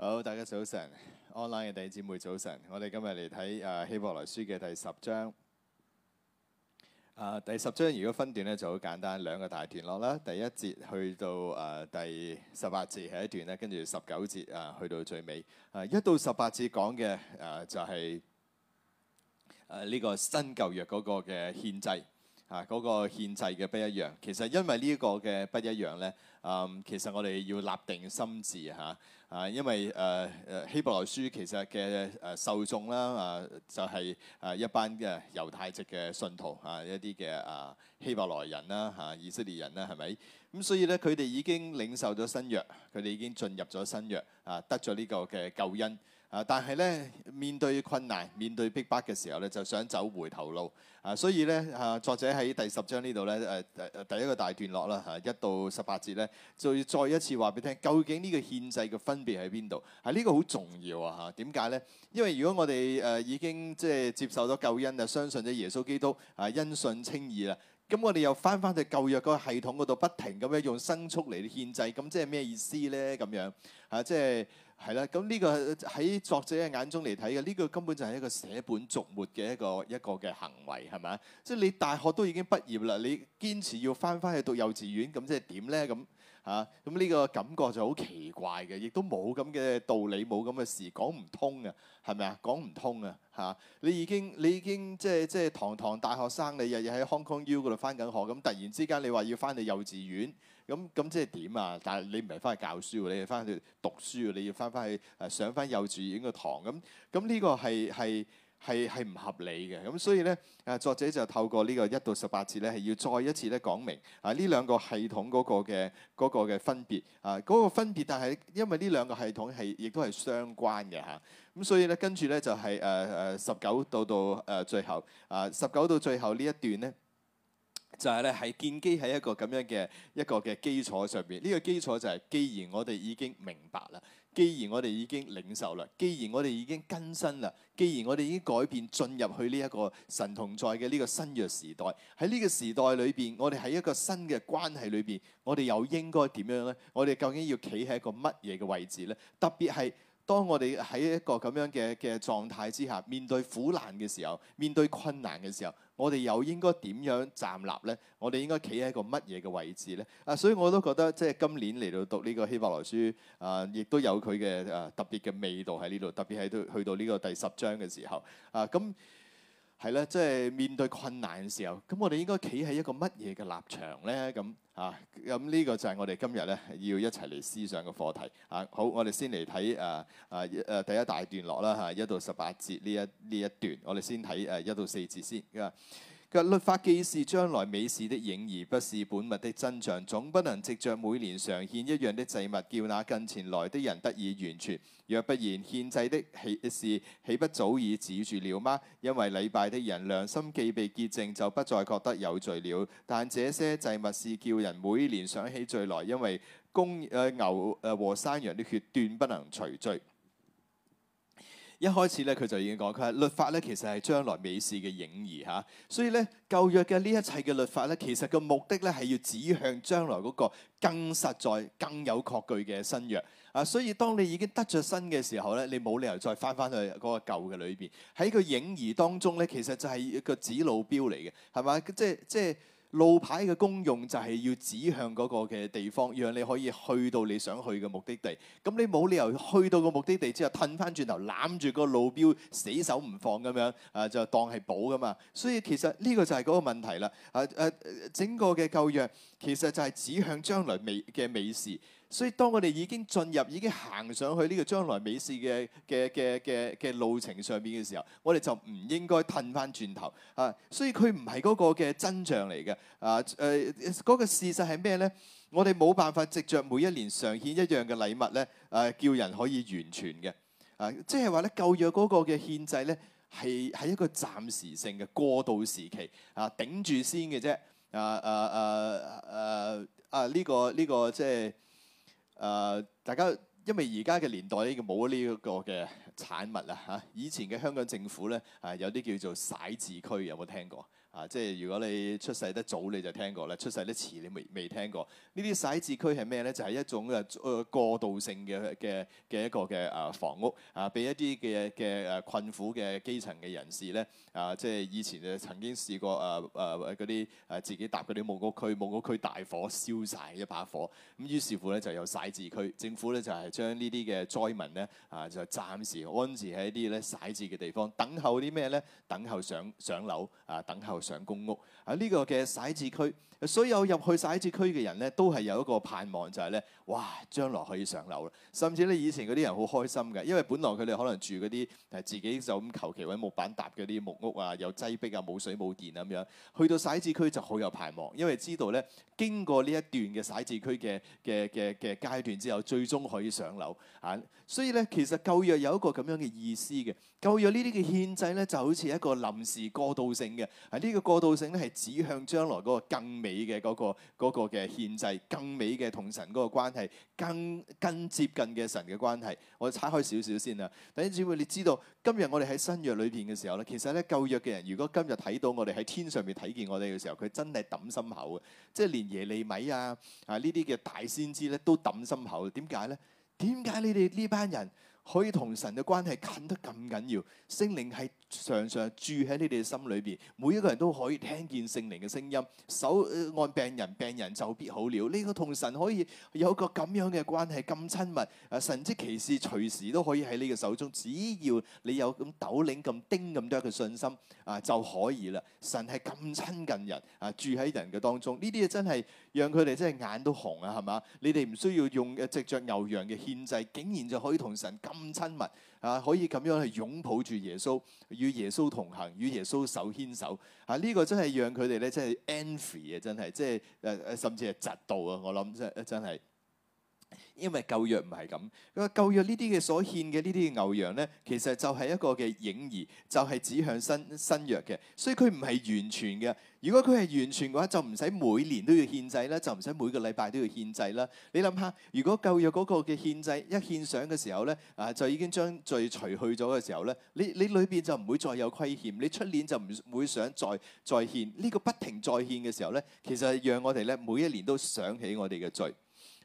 好，大家早晨，online 嘅弟兄姊妹早晨。我哋今日嚟睇誒希伯來書嘅第十章。誒、啊、第十章如果分段咧就好簡單，兩個大段落啦。第一節去到誒、啊、第十八節係一段咧，跟住十九節啊去到最尾。誒、啊、一到十八節講嘅誒就係誒呢個新舊約嗰個嘅獻祭。啊！嗰、那個憲制嘅不一樣，其實因為呢一個嘅不一樣咧，啊、嗯，其實我哋要立定心志。嚇啊，因為誒誒、啊、希伯來書其實嘅誒、啊、受眾啦啊，就係、是、誒一班嘅猶太籍嘅信徒啊，一啲嘅啊希伯來人啦嚇、啊、以色列人啦，係咪咁？所以咧，佢哋已經領受咗新約，佢哋已經進入咗新約啊，得咗呢個嘅救恩。啊！但係咧，面對困難、面對逼迫嘅時候咧，就想走回頭路啊！所以咧，啊作者喺第十章呢度咧，誒、啊、誒第一個大段落啦嚇，一、啊、到十八節咧，就要再一次話俾你聽，究竟呢個獻祭嘅分別喺邊度？係、啊、呢、這個好重要啊嚇！點解咧？因為如果我哋誒、啊、已經即係接受咗救恩啊，相信咗耶穌基督啊，因信稱義啦，咁我哋又翻翻去舊約嗰個系統嗰度，不停咁樣用牲畜嚟嘅獻祭，咁即係咩意思咧？咁樣啊，即係。係啦，咁呢個喺作者嘅眼中嚟睇嘅，呢個根本就係一個捨本逐末嘅一個一個嘅行為，係咪啊？即係你大學都已經畢業啦，你堅持要翻返去讀幼稚園，咁即係點咧？咁嚇，咁呢個感覺就好奇怪嘅，亦都冇咁嘅道理，冇咁嘅事，講唔通啊？係咪啊？講唔通啊？嚇，你已經你已經即係即係堂堂大學生，你日日喺 Hong Kong U 嗰度翻緊學，咁突然之間你話要翻去幼稚園？咁咁即係點啊？但係你唔係翻去教書，你係翻去讀書，你要翻翻去誒上翻幼稚園嘅堂。咁咁呢個係係係係唔合理嘅。咁所以咧，誒作者就透過個呢個一到十八節咧，係要再一次咧講明啊呢兩個系統嗰個嘅嗰個嘅分別啊嗰個分別，但係因為呢兩個系統係亦都係相關嘅嚇。咁、啊、所以咧，跟住咧就係誒誒十九到到誒、啊、最後啊十九到最後呢一段咧。就係咧，係建基喺一個咁樣嘅一個嘅基礎上邊。呢個基礎就係，既然我哋已經明白啦，既然我哋已經領受啦，既然我哋已經更新啦，既然我哋已經改變進入去呢一個神同在嘅呢個新約時代。喺呢個時代裏邊，我哋喺一個新嘅關係裏邊，我哋又應該點樣咧？我哋究竟要企喺一個乜嘢嘅位置咧？特別係當我哋喺一個咁樣嘅嘅狀態之下，面對苦難嘅時候，面對困難嘅時候。我哋又應該點樣站立咧？我哋應該企喺個乜嘢嘅位置咧？啊，所以我都覺得即係今年嚟到讀呢個希伯來書啊，亦都有佢嘅啊特別嘅味道喺呢度，特別喺到去到呢個第十章嘅時候啊，咁。係啦，即係面對困難嘅時候，咁我哋應該企喺一個乜嘢嘅立場咧？咁啊，咁、這、呢個就係我哋今日咧要一齊嚟思想嘅課題。啊，好，我哋先嚟睇啊啊啊第一大段落啦，嚇、啊、一到十八節呢一呢一段，我哋先睇誒一到四節先。啊律法既是將來美事的影兒，不是本物的真像，總不能藉着每年常獻一樣的祭物，叫那近前來的人得以完全。若不然，獻祭的起事，豈不早已止住了嗎？因為禮拜的人良心既被潔淨，就不再覺得有罪了。但這些祭物是叫人每年想起罪來，因為公誒、呃、牛誒、呃、和山羊的血，斷不能除罪。一開始咧，佢就已經講佢係律法咧，其實係將來美事嘅影兒嚇、啊。所以咧，舊約嘅呢一切嘅律法咧，其實個目的咧係要指向將來嗰個更實在、更有確據嘅新約啊。所以當你已經得著新嘅時候咧，你冇理由再翻翻去嗰個舊嘅裏邊。喺個影兒當中咧，其實就係一個指路標嚟嘅，係嘛？即係即係。路牌嘅功用就係要指向嗰個嘅地方，讓你可以去到你想去嘅目的地。咁你冇理由去到個目的地之後褪翻轉頭攬住個路標死手唔放咁樣，啊就當係保㗎嘛。所以其實呢個就係嗰個問題啦。誒、啊、誒、啊，整個嘅舊約其實就係指向將來未嘅美事。所以當我哋已經進入、已經行上去呢個將來美事嘅嘅嘅嘅嘅路程上邊嘅時候，我哋就唔應該褪翻轉頭啊！所以佢唔係嗰個嘅真相嚟嘅啊誒，嗰、呃那個事實係咩咧？我哋冇辦法藉著每一年上獻一樣嘅禮物咧，誒、啊、叫人可以完全嘅啊！即係話咧，舊約嗰個嘅獻祭咧，係喺一個暫時性嘅過渡時期啊，頂住先嘅啫啊啊啊啊呢、啊這個呢、這個、這個這個、即係。誒，uh, 大家因為而家嘅年代咧，冇呢一個嘅產物啦嚇、啊。以前嘅香港政府咧，係、啊、有啲叫做徙置區，有冇聽過？啊，即係如果你出世得早，你就聽過啦；出世得遲，你未未聽過。呢啲徙置區係咩咧？就係、是、一種誒誒、呃、過渡性嘅嘅嘅一個嘅誒、呃、房屋啊，俾一啲嘅嘅誒困苦嘅基層嘅人士咧啊，即係以前就曾經試過誒誒嗰啲誒自己搭嗰啲木屋區，木屋區大火燒晒一把火，咁於是乎咧就有徙置區，政府咧就係、是、將呢啲嘅災民咧啊，就暫時安置喺啲咧徙置嘅地方，等候啲咩咧？等候上上樓啊，等候。上公屋。啊！呢個嘅徙置區，所有入去徙置區嘅人咧，都係有一個盼望，就係、是、咧，哇！將來可以上樓啦。甚至咧，以前嗰啲人好開心嘅，因為本來佢哋可能住嗰啲誒自己就咁求其位，木板搭嗰啲木屋啊，有擠逼啊，冇水冇電啊咁樣。去到徙置區就好有盼望，因為知道咧，經過呢一段嘅徙置區嘅嘅嘅嘅階段之後，最終可以上樓啊。所以咧，其實舊約有一個咁樣嘅意思嘅，舊約呢啲嘅限制咧，就好似一個臨時過渡性嘅。啊，呢、這個過渡性咧係。指向將來嗰個更美嘅嗰個嗰個嘅獻祭，更美嘅同神嗰個關係，更更接近嘅神嘅關係。我哋拆開少少先啦，弟兄姊妹，你知，知道今日我哋喺新約裏邊嘅時候咧，其實咧舊約嘅人，如果今日睇到我哋喺天上面睇見我哋嘅時候，佢真係揼心口嘅，即係連耶利米啊啊呢啲嘅大先知咧都揼心口。點解咧？點解你哋呢班人？可以同神嘅關係近得咁緊要，聖靈係常常住喺你哋心裏邊，每一個人都可以聽見聖靈嘅聲音，手按病人，病人就必好了。呢個同神可以有個咁樣嘅關係咁親密，神蹟奇事隨時都可以喺你嘅手中，只要你有咁斗零咁丁咁多嘅信心啊就可以啦。神係咁親近人啊，住喺人嘅當中，呢啲嘢真係～讓佢哋真係眼都紅啊，係嘛？你哋唔需要用誒藉著牛羊嘅獻祭，竟然就可以同神咁親密啊！可以咁樣去擁抱住耶穌，與耶穌同行，與耶穌手牽手啊！呢、這個真係讓佢哋咧，真係 envy 啊！真係，即係誒誒，甚至係嫉妒啊！我諗真誒真係。因為舊約唔係咁，佢話舊約呢啲嘅所獻嘅呢啲嘅牛羊咧，其實就係一個嘅影兒，就係指向新新約嘅，所以佢唔係完全嘅。如果佢係完全嘅話，就唔使每年都要獻祭啦，就唔使每個禮拜都要獻祭啦。你諗下，如果舊約嗰個嘅獻祭一獻上嘅時候咧，啊就已經將罪除去咗嘅時候咧，你你裏邊就唔會再有虧欠，你出年就唔會想再再獻。呢個不停再獻嘅時候咧，其實係讓我哋咧每一年都想起我哋嘅罪。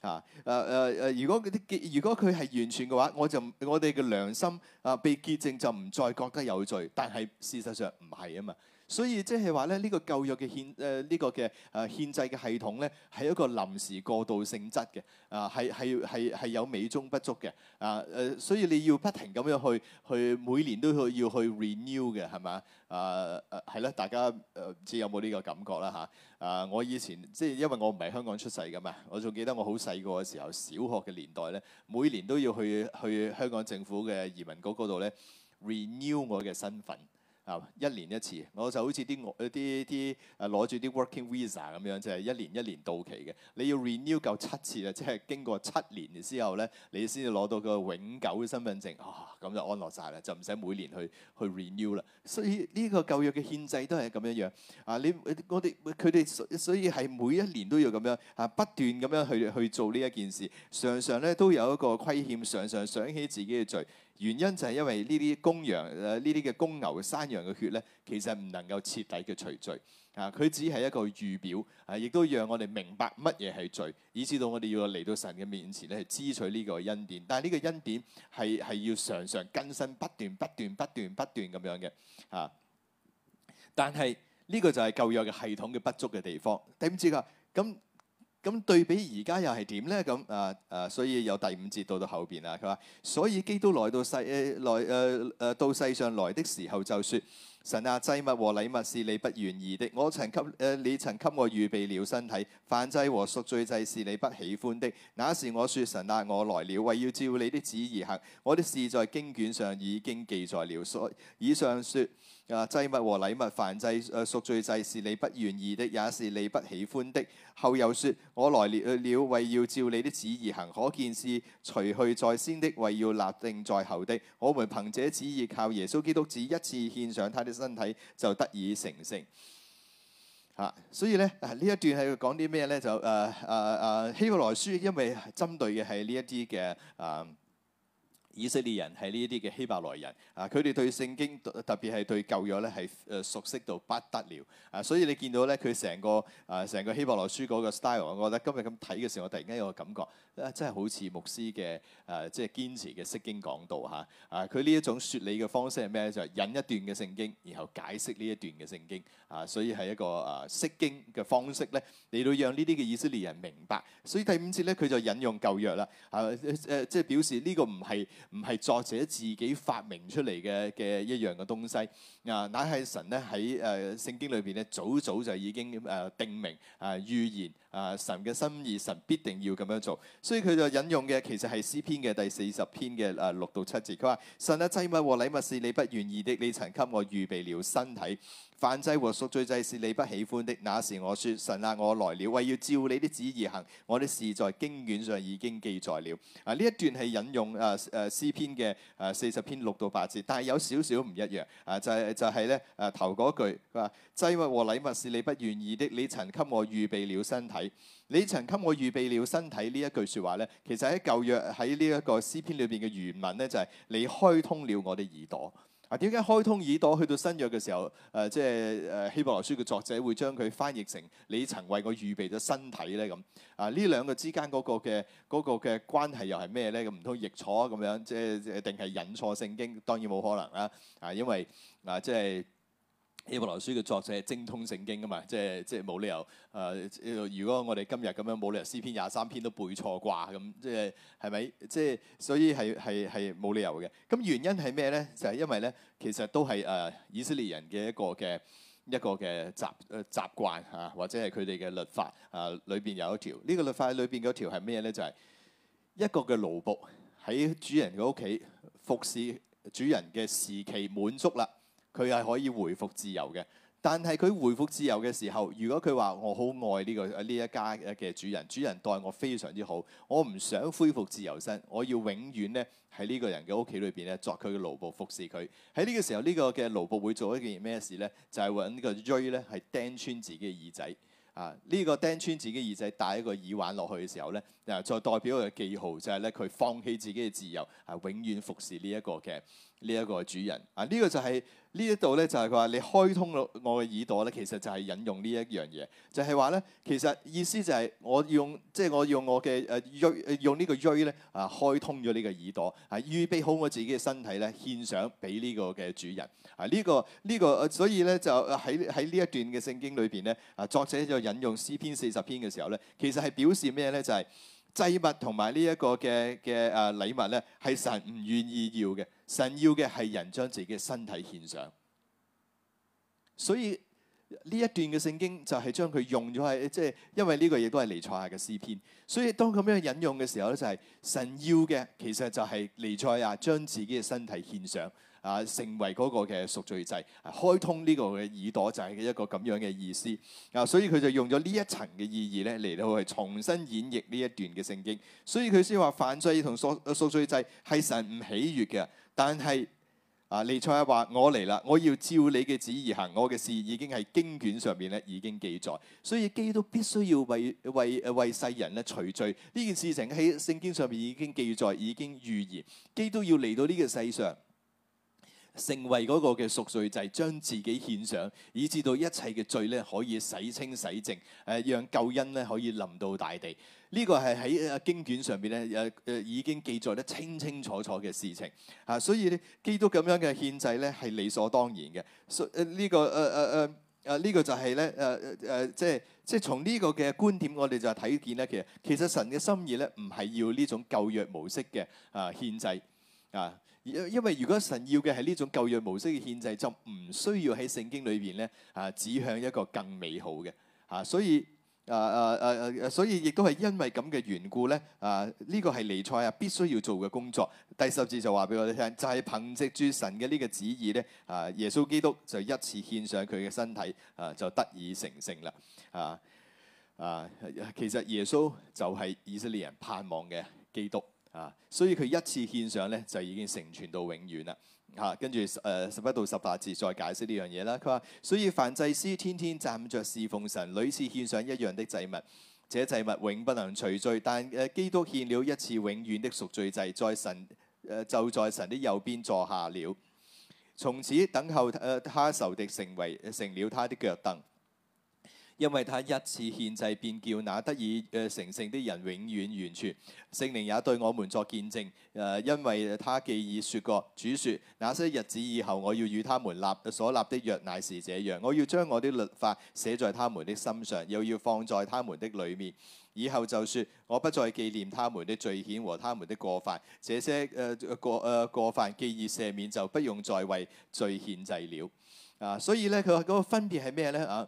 啊，誒誒誒，如果啲結，如果佢係完全嘅話，我就我哋嘅良心啊被潔淨，就唔再覺得有罪，但係事實上唔係啊嘛。所以即係話咧，呢、這個舊約嘅憲誒，呢、呃這個嘅誒憲制嘅系統咧，係一個臨時過渡性質嘅，啊係係係係有美中不足嘅，啊、呃、誒，所以你要不停咁樣去去每年都要要去 renew 嘅，係咪？啊誒係啦，大家唔知有冇呢個感覺啦吓，啊，我以前即係因為我唔係香港出世嘅嘛，我仲記得我好細個嘅時候，小學嘅年代咧，每年都要去去香港政府嘅移民局嗰度咧 renew 我嘅身份。一年一次，我就好似啲我啲啲誒攞住啲 working visa 咁樣，即、就、係、是、一年一年到期嘅。你要 renew 夠七次啊，即係經過七年之後咧，你先至攞到個永久嘅身份證。啊、哦，咁就安樂晒啦，就唔使每年去去 renew 啦。所以呢個舊約嘅限制都係咁樣樣。啊，你我哋佢哋所以係每一年都要咁樣啊，不斷咁樣去去做呢一件事，常常咧都有一個虧欠，常常想起自己嘅罪。原因就係因為呢啲公羊，呢啲嘅公牛，山羊嘅血咧，其實唔能夠徹底嘅除罪啊！佢只係一個預表啊，亦都讓我哋明白乜嘢係罪，以至到我哋要嚟到神嘅面前咧，去支取呢個恩典。但係呢個恩典係係要常常更新，不斷不斷不斷不斷咁樣嘅啊！但係呢個就係舊約嘅系統嘅不足嘅地方。第五節噶咁。咁對比而家又係點呢？咁啊啊，所以由第五節到到後邊啦。佢話：所以基督來到世來誒誒、啊、到世上來的時候，就説：神啊，祭物和禮物是你不願意的。我曾給誒、啊、你曾給我預備了身體，犯祭和贖罪祭是你不喜歡的。那時我説：神啊，我來了，為要照你的旨意行。我的事在經卷上已經記載了。所以上説。啊，祭物和禮物，凡祭誒屬罪祭，是你不願意的，也是你不喜歡的。後又說：我來了，了，為要照你的旨意行。可見是除去在先的，為要立定在後的。我們憑這旨意，靠耶穌基督只一次獻上他的身體，就得以成聖。嚇、啊！所以咧，呢、啊、一段係講啲咩咧？就誒誒誒希伯來書，因為針對嘅係呢一啲嘅誒。啊以色列人係呢一啲嘅希伯來人啊，佢哋對聖經特別係對舊約咧係誒熟悉到不得了啊！所以你見到咧佢成個啊成個希伯來書嗰個 style，我覺得今日咁睇嘅時候，我突然間有個感覺，啊、真係好似牧師嘅誒、啊，即係堅持嘅釋經講道嚇啊！佢、啊、呢一種説理嘅方式係咩就就係、引一段嘅聖經，然後解釋呢一段嘅聖經啊，所以係一個誒釋、啊、經嘅方式咧，嚟到讓呢啲嘅以色列人明白。所以第五節咧，佢就引用舊約啦，誒、啊、誒、啊啊啊啊啊啊啊，即係表示呢個唔係。唔係作者自己發明出嚟嘅嘅一樣嘅東西，啊、呃，乃係神咧喺誒聖經裏邊咧，早早就已經誒定明啊預言啊、呃、神嘅心意，神必定要咁樣做，所以佢就引用嘅其實係詩篇嘅第四十篇嘅誒、呃、六到七節，佢話神啊祭物和禮物是你不願意的，你曾給我預備了身體。燔祭和贖罪祭是你不喜歡的，那時我說：神啊，我來了，為要照你的旨意行。我的事在經卷上已經記載了。啊，呢一段係引用誒誒、啊啊、詩篇嘅誒、啊、四十篇六到八字，但係有少少唔一樣。啊，就係、是、就係咧誒頭嗰句佢話祭物和禮物是你不願意的，你曾給我預備了身體，你曾給我預備了身體呢一句說話咧，其實喺舊約喺呢一個詩篇裏邊嘅原文咧就係、是、你開通了我的耳朵。點解、啊、開通耳朵去到新約嘅時候，誒即係誒希伯來書嘅作者會將佢翻譯成你曾為我預備咗身體咧咁？啊呢兩、啊、個之間嗰個嘅嗰個嘅關係又係咩咧？咁唔通譯錯啊咁樣，即係定係引錯聖經？當然冇可能啦！啊，因為啊即係。即係希伯來書嘅作者精通聖經噶嘛，即係即係冇理由。誒、呃，如果我哋今日咁樣冇理由詩篇廿三篇都背錯啩咁，即係係咪？即係所以係係係冇理由嘅。咁原因係咩咧？就係、是、因為咧，其實都係誒、呃、以色列人嘅一個嘅一個嘅習誒習慣啊，或者係佢哋嘅律法啊裏邊有一條。呢、這個律法裏邊嗰條係咩咧？就係、是、一個嘅奴僕喺主人嘅屋企服侍主人嘅時期滿足啦。佢係可以回復自由嘅，但係佢回復自由嘅時候，如果佢話我好愛呢、這個呢一家嘅主人，主人待我非常之好，我唔想恢復自由身，我要永遠咧喺呢個人嘅屋企裏邊咧作佢嘅奴僕服侍佢。喺呢個時候，呢、這個嘅奴僕會做一件咩事咧？就係、是、揾呢個鋸咧，係釘穿自己嘅耳仔啊！呢、這個釘穿自己耳仔帶一個耳環落去嘅時候咧，嗱、啊，就代表佢嘅記號就係咧，佢放棄自己嘅自由，係、啊、永遠服侍呢一個嘅呢一個主人啊！呢、這個就係、是。呢一度咧就係佢話你開通咗我嘅耳朵咧，其實就係引用一呢一樣嘢，就係話咧，其實意思就係我用即係、就是、我用我嘅誒、呃呃、用呢個鋭咧啊，開通咗呢個耳朵啊，預備好我自己嘅身體咧獻上俾呢個嘅主人啊，呢、這個呢、這個所以咧就喺喺呢一段嘅聖經裏邊咧啊，作者就引用詩篇四十篇嘅時候咧，其實係表示咩咧？就係、是、祭物同埋、這個、呢一個嘅嘅誒禮物咧，係神唔願意要嘅。神要嘅係人將自己嘅身體獻上，所以呢一段嘅聖經就係將佢用咗喺即係，因為呢個亦都係尼賽亞嘅詩篇，所以當咁樣引用嘅時候咧，就係神要嘅其實就係尼賽亞將自己嘅身體獻上啊，成為嗰個嘅贖罪祭，開通呢個嘅耳朵就係一個咁樣嘅意思啊，所以佢就用咗呢一層嘅意義咧嚟到去重新演繹呢一段嘅聖經，所以佢先話犯罪同贖贖罪祭係神唔喜悅嘅。但係，啊，尼采係話我嚟啦，我要照你嘅旨意行，我嘅事已經係經卷上面咧已經記載，所以基督必須要為為為世人咧除罪呢件事情喺聖經上面已經記載，已經預言基督要嚟到呢個世上，成為嗰個嘅贖罪祭，將自己獻上，以至到一切嘅罪咧可以洗清洗淨，誒、呃，讓救恩咧可以臨到大地。呢個係喺經卷上邊咧，誒誒已經記載得清清楚楚嘅事情嚇，所以咧基督咁樣嘅獻祭咧係理所當然嘅，這個。所誒呢個誒誒誒誒呢個就係咧誒誒誒，即係即係從呢個嘅觀點，我哋就係睇見咧，其實其實神嘅心意咧唔係要呢種舊約模式嘅啊獻祭啊，因因為如果神要嘅係呢種舊約模式嘅獻祭，就唔需要喺聖經裏邊咧啊指向一個更美好嘅嚇，所以。啊啊啊啊！所以亦都係因為咁嘅緣故咧，啊呢個係尼賽啊必須要做嘅工作。第十節就話俾我哋聽，就係憑藉住神嘅呢個旨意咧，啊耶穌基督就一次獻上佢嘅身體，啊就得以成聖啦。啊啊，其實耶穌就係以色列人盼望嘅基督啊，所以佢一次獻上咧就已經成全到永遠啦。吓、啊，跟住誒、呃、十一到十八字再解釋呢樣嘢啦。佢話，所以凡祭司天天站着侍奉神，屢次獻上一樣的祭物，這祭物永不能除罪。但誒、呃、基督獻了一次永遠的贖罪祭，在神誒、呃、就在神的右邊坐下了，從此等候誒他、呃、他仇敵成為成了他的腳凳。因為他一次獻祭便叫那得以誒、呃、成聖的人永遠完全，聖靈也對我們作見證。誒、呃，因為他既已説過，主説那些日子以後，我要與他們立所立的約乃是這樣，我要將我的律法寫在他們的心上，又要放在他們的裏面。以後就説，我不再記念他們的罪愆和他們的過犯，這些誒、呃、過誒、呃、過犯既已赦免，就不用再為罪獻祭了。啊，所以呢，佢話嗰個分別係咩呢？啊？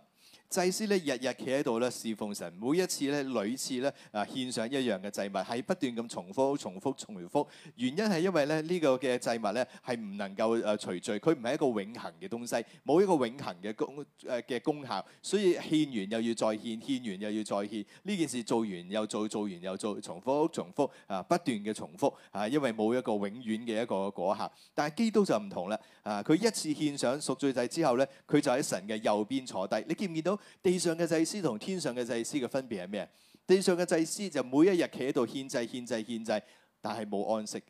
祭司咧日日企喺度咧侍奉神，每一次咧屢次咧啊獻上一樣嘅祭物，係不斷咁重複重複重複，open, 原因係因為咧呢、這個嘅祭物咧係唔能夠誒除罪，佢唔係一個永恒嘅東西，冇一個永恒嘅功嘅、uh, 功效，所以獻完又要再獻，獻完又要再獻。呢件事做完又做，做完又做，重複重複啊，不斷嘅重複啊，因為冇一個永遠嘅一個果效。但係基督就唔同啦，啊佢、啊、一次獻上贖罪祭之後咧，佢就喺神嘅右邊坐低。你見唔見到？啊地上嘅祭司同天上嘅祭司嘅分別係咩？地上嘅祭司就每一日企喺度獻祭、獻祭、獻祭，但係冇安息嘅。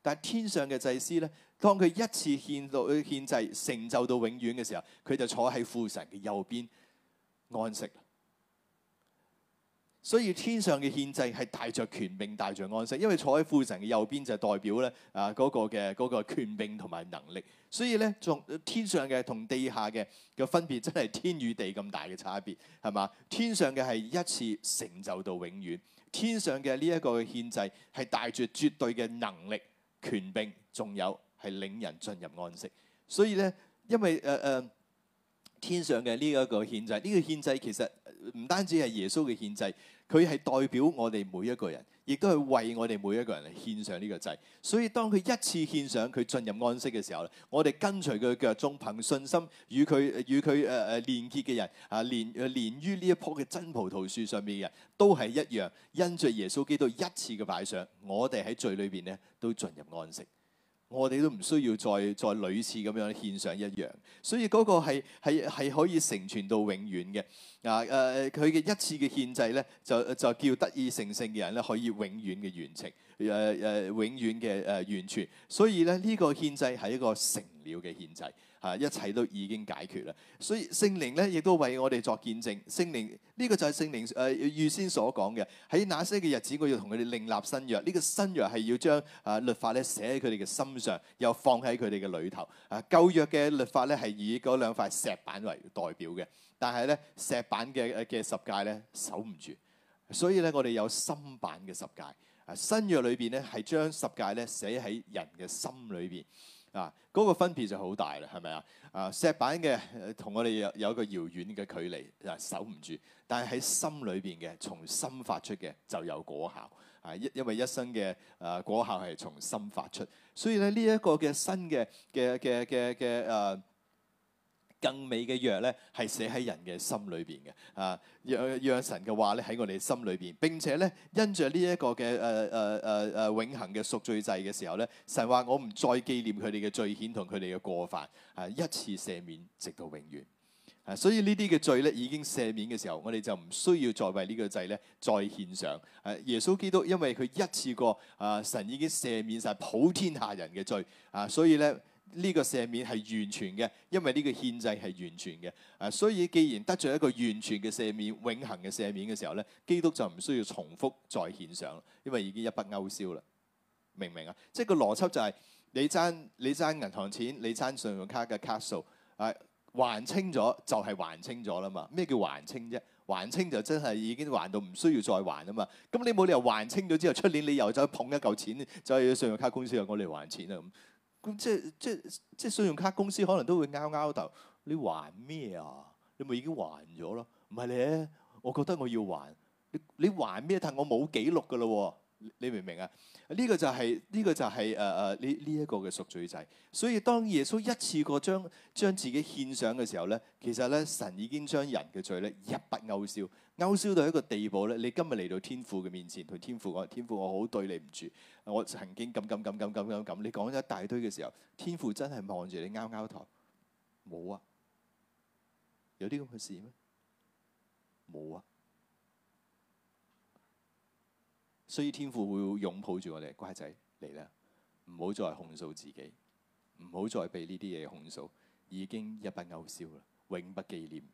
但係天上嘅祭司咧，當佢一次獻到去獻祭，成就到永遠嘅時候，佢就坐喺父神嘅右邊安息。所以天上嘅獻祭係帶著權柄、帶著安息，因為坐喺父神嘅右邊就代表咧啊嗰、那個嘅嗰、那個權柄同埋能力。所以咧，從天上嘅同地下嘅嘅分別真係天與地咁大嘅差別，係嘛？天上嘅係一次成就到永遠，天上嘅呢一個嘅獻祭係帶住絕對嘅能力、權柄，仲有係領人進入安息。所以咧，因為誒誒、呃呃、天上嘅呢一個獻祭，呢、這個獻祭其實唔單止係耶穌嘅獻祭。佢係代表我哋每一個人，亦都係為我哋每一個人嚟獻上呢個祭。所以當佢一次獻上佢進入安息嘅時候咧，我哋跟隨佢嘅腳蹤，憑信心與佢與佢誒誒連結嘅人啊，連連於呢一棵嘅真葡萄樹上面嘅人都係一樣，因着耶穌基督一次嘅擺上，我哋喺罪裏邊咧都進入安息。我哋都唔需要再再屢次咁樣獻上一樣，所以嗰個係係可以成全到永遠嘅。嗱、啊、誒，佢、啊、嘅一次嘅獻祭咧，就就叫得以成聖嘅人咧，可以永遠嘅完成。誒誒，永遠嘅誒完全，所以咧呢個獻祭係一個成了嘅獻祭，嚇，一切都已經解決啦。所以聖靈咧亦都為我哋作見證。聖靈呢個就係聖靈誒預先所講嘅，喺那些嘅日子，我要同佢哋另立新約。呢個新約係要將啊律法咧寫喺佢哋嘅心上，又放喺佢哋嘅裏頭。啊舊約嘅律法咧係以嗰兩塊石板為代表嘅，但係咧石板嘅嘅十戒咧守唔住，所以咧我哋有新版嘅十戒。啊，新約裏邊咧係將十戒咧寫喺人嘅心裏邊，啊，嗰個分別就好大啦，係咪啊？啊，石板嘅同我哋有有一個遙遠嘅距離，啊，守唔住。但係喺心裏邊嘅，從心發出嘅就有果效。啊，因因為一生嘅啊果效係從心發出，所以咧呢一個嘅新嘅嘅嘅嘅嘅誒。更美嘅約咧，係寫喺人嘅心裏邊嘅啊！讓讓神嘅話咧喺我哋心裏邊，並且咧因着呢一個嘅誒誒誒誒永恆嘅贖罪祭嘅時候咧，神話我唔再紀念佢哋嘅罪愆同佢哋嘅過犯啊！一次赦免直到永遠啊！所以呢啲嘅罪咧已經赦免嘅時候，我哋就唔需要再為個呢個罪咧再獻上啊！耶穌基督因為佢一次過啊，神已經赦免晒普天下人嘅罪啊，所以咧。呢個赦免係完全嘅，因為呢個獻祭係完全嘅。啊，所以既然得咗一個完全嘅赦免，永恆嘅赦免嘅時候咧，基督就唔需要重複再獻上，因為已經一筆勾銷啦。明唔明啊？即係個邏輯就係、是，你爭你爭銀行錢，你爭信用卡嘅卡數，啊，還清咗就係還清咗啦嘛。咩叫還清啫？還清就真係已經還到唔需要再還啊嘛。咁你冇理由還清咗之後，出年你又走去捧一嚿錢，走去信用卡公司又攞嚟還錢啊咁。嗯、即係即係即係信用卡公司可能都會拗拗頭，你還咩啊？你咪已經還咗咯？唔係咧，我覺得我要還，你你還咩？但係我冇記錄㗎咯、啊你明唔明啊？呢、這個就係、是、呢、這個就係誒誒呢呢一個嘅贖罪祭。所以當耶穌一次過將將自己獻上嘅時候咧，其實咧神已經將人嘅罪咧一筆勾銷，勾銷到一個地步咧。你今日嚟到天父嘅面前，同天父講：天父，我好對你唔住，我曾經咁咁咁咁咁咁咁。你講咗一大堆嘅時候，天父真係望住你，啱啱頭冇啊？有啲咁嘅事咩？冇啊！所以天父會擁抱住我哋乖仔嚟啦，唔好再控訴自己，唔好再被呢啲嘢控訴，已經一筆勾銷啦，永不記念。呢、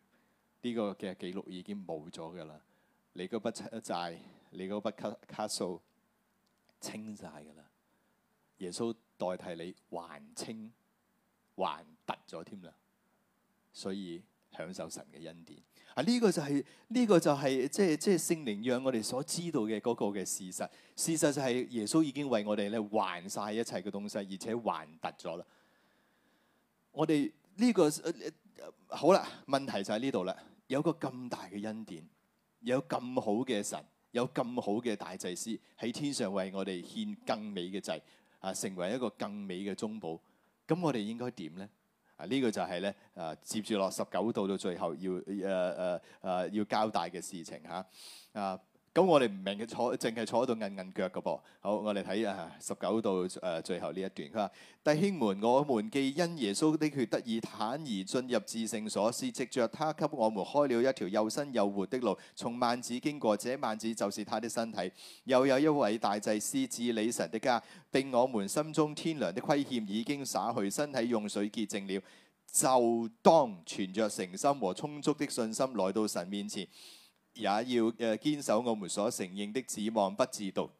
呢個嘅記錄已經冇咗噶啦，你嗰筆債你嗰筆卡卡數清晒噶啦，耶穌代替你還清、還突咗添啦，所以。享受神嘅恩典啊！呢個就係呢個就係即係即係聖靈讓我哋所知道嘅嗰個嘅事實。事實就係耶穌已經為我哋咧還晒一切嘅東西，而且還突咗啦。我哋呢個、啊、好啦，問題就喺呢度啦。有一個咁大嘅恩典，有咁好嘅神，有咁好嘅大祭司喺天上為我哋獻更美嘅祭啊，成為一個更美嘅中保。咁我哋應該點咧？啊！呢、這個就係咧，啊、呃，接住落十九度，到最後要誒誒誒要交代嘅事情嚇，啊。啊咁我哋唔明嘅坐，淨係坐喺度硬硬腳嘅噃。好，我哋睇啊十九到誒、啊、最後呢一段。佢話：弟兄們，我們既因耶穌的血得以坦然進入至聖所，是藉著他給我們開了一條又新又活的路，從幔子經過。這幔子就是他的身體。又有一位大祭司治理神的家，並我們心中天良的虧欠已經灑去，身體用水潔淨了，就當存着誠心和充足的信心來到神面前。也要誒堅守我們所承認的指望，不自動，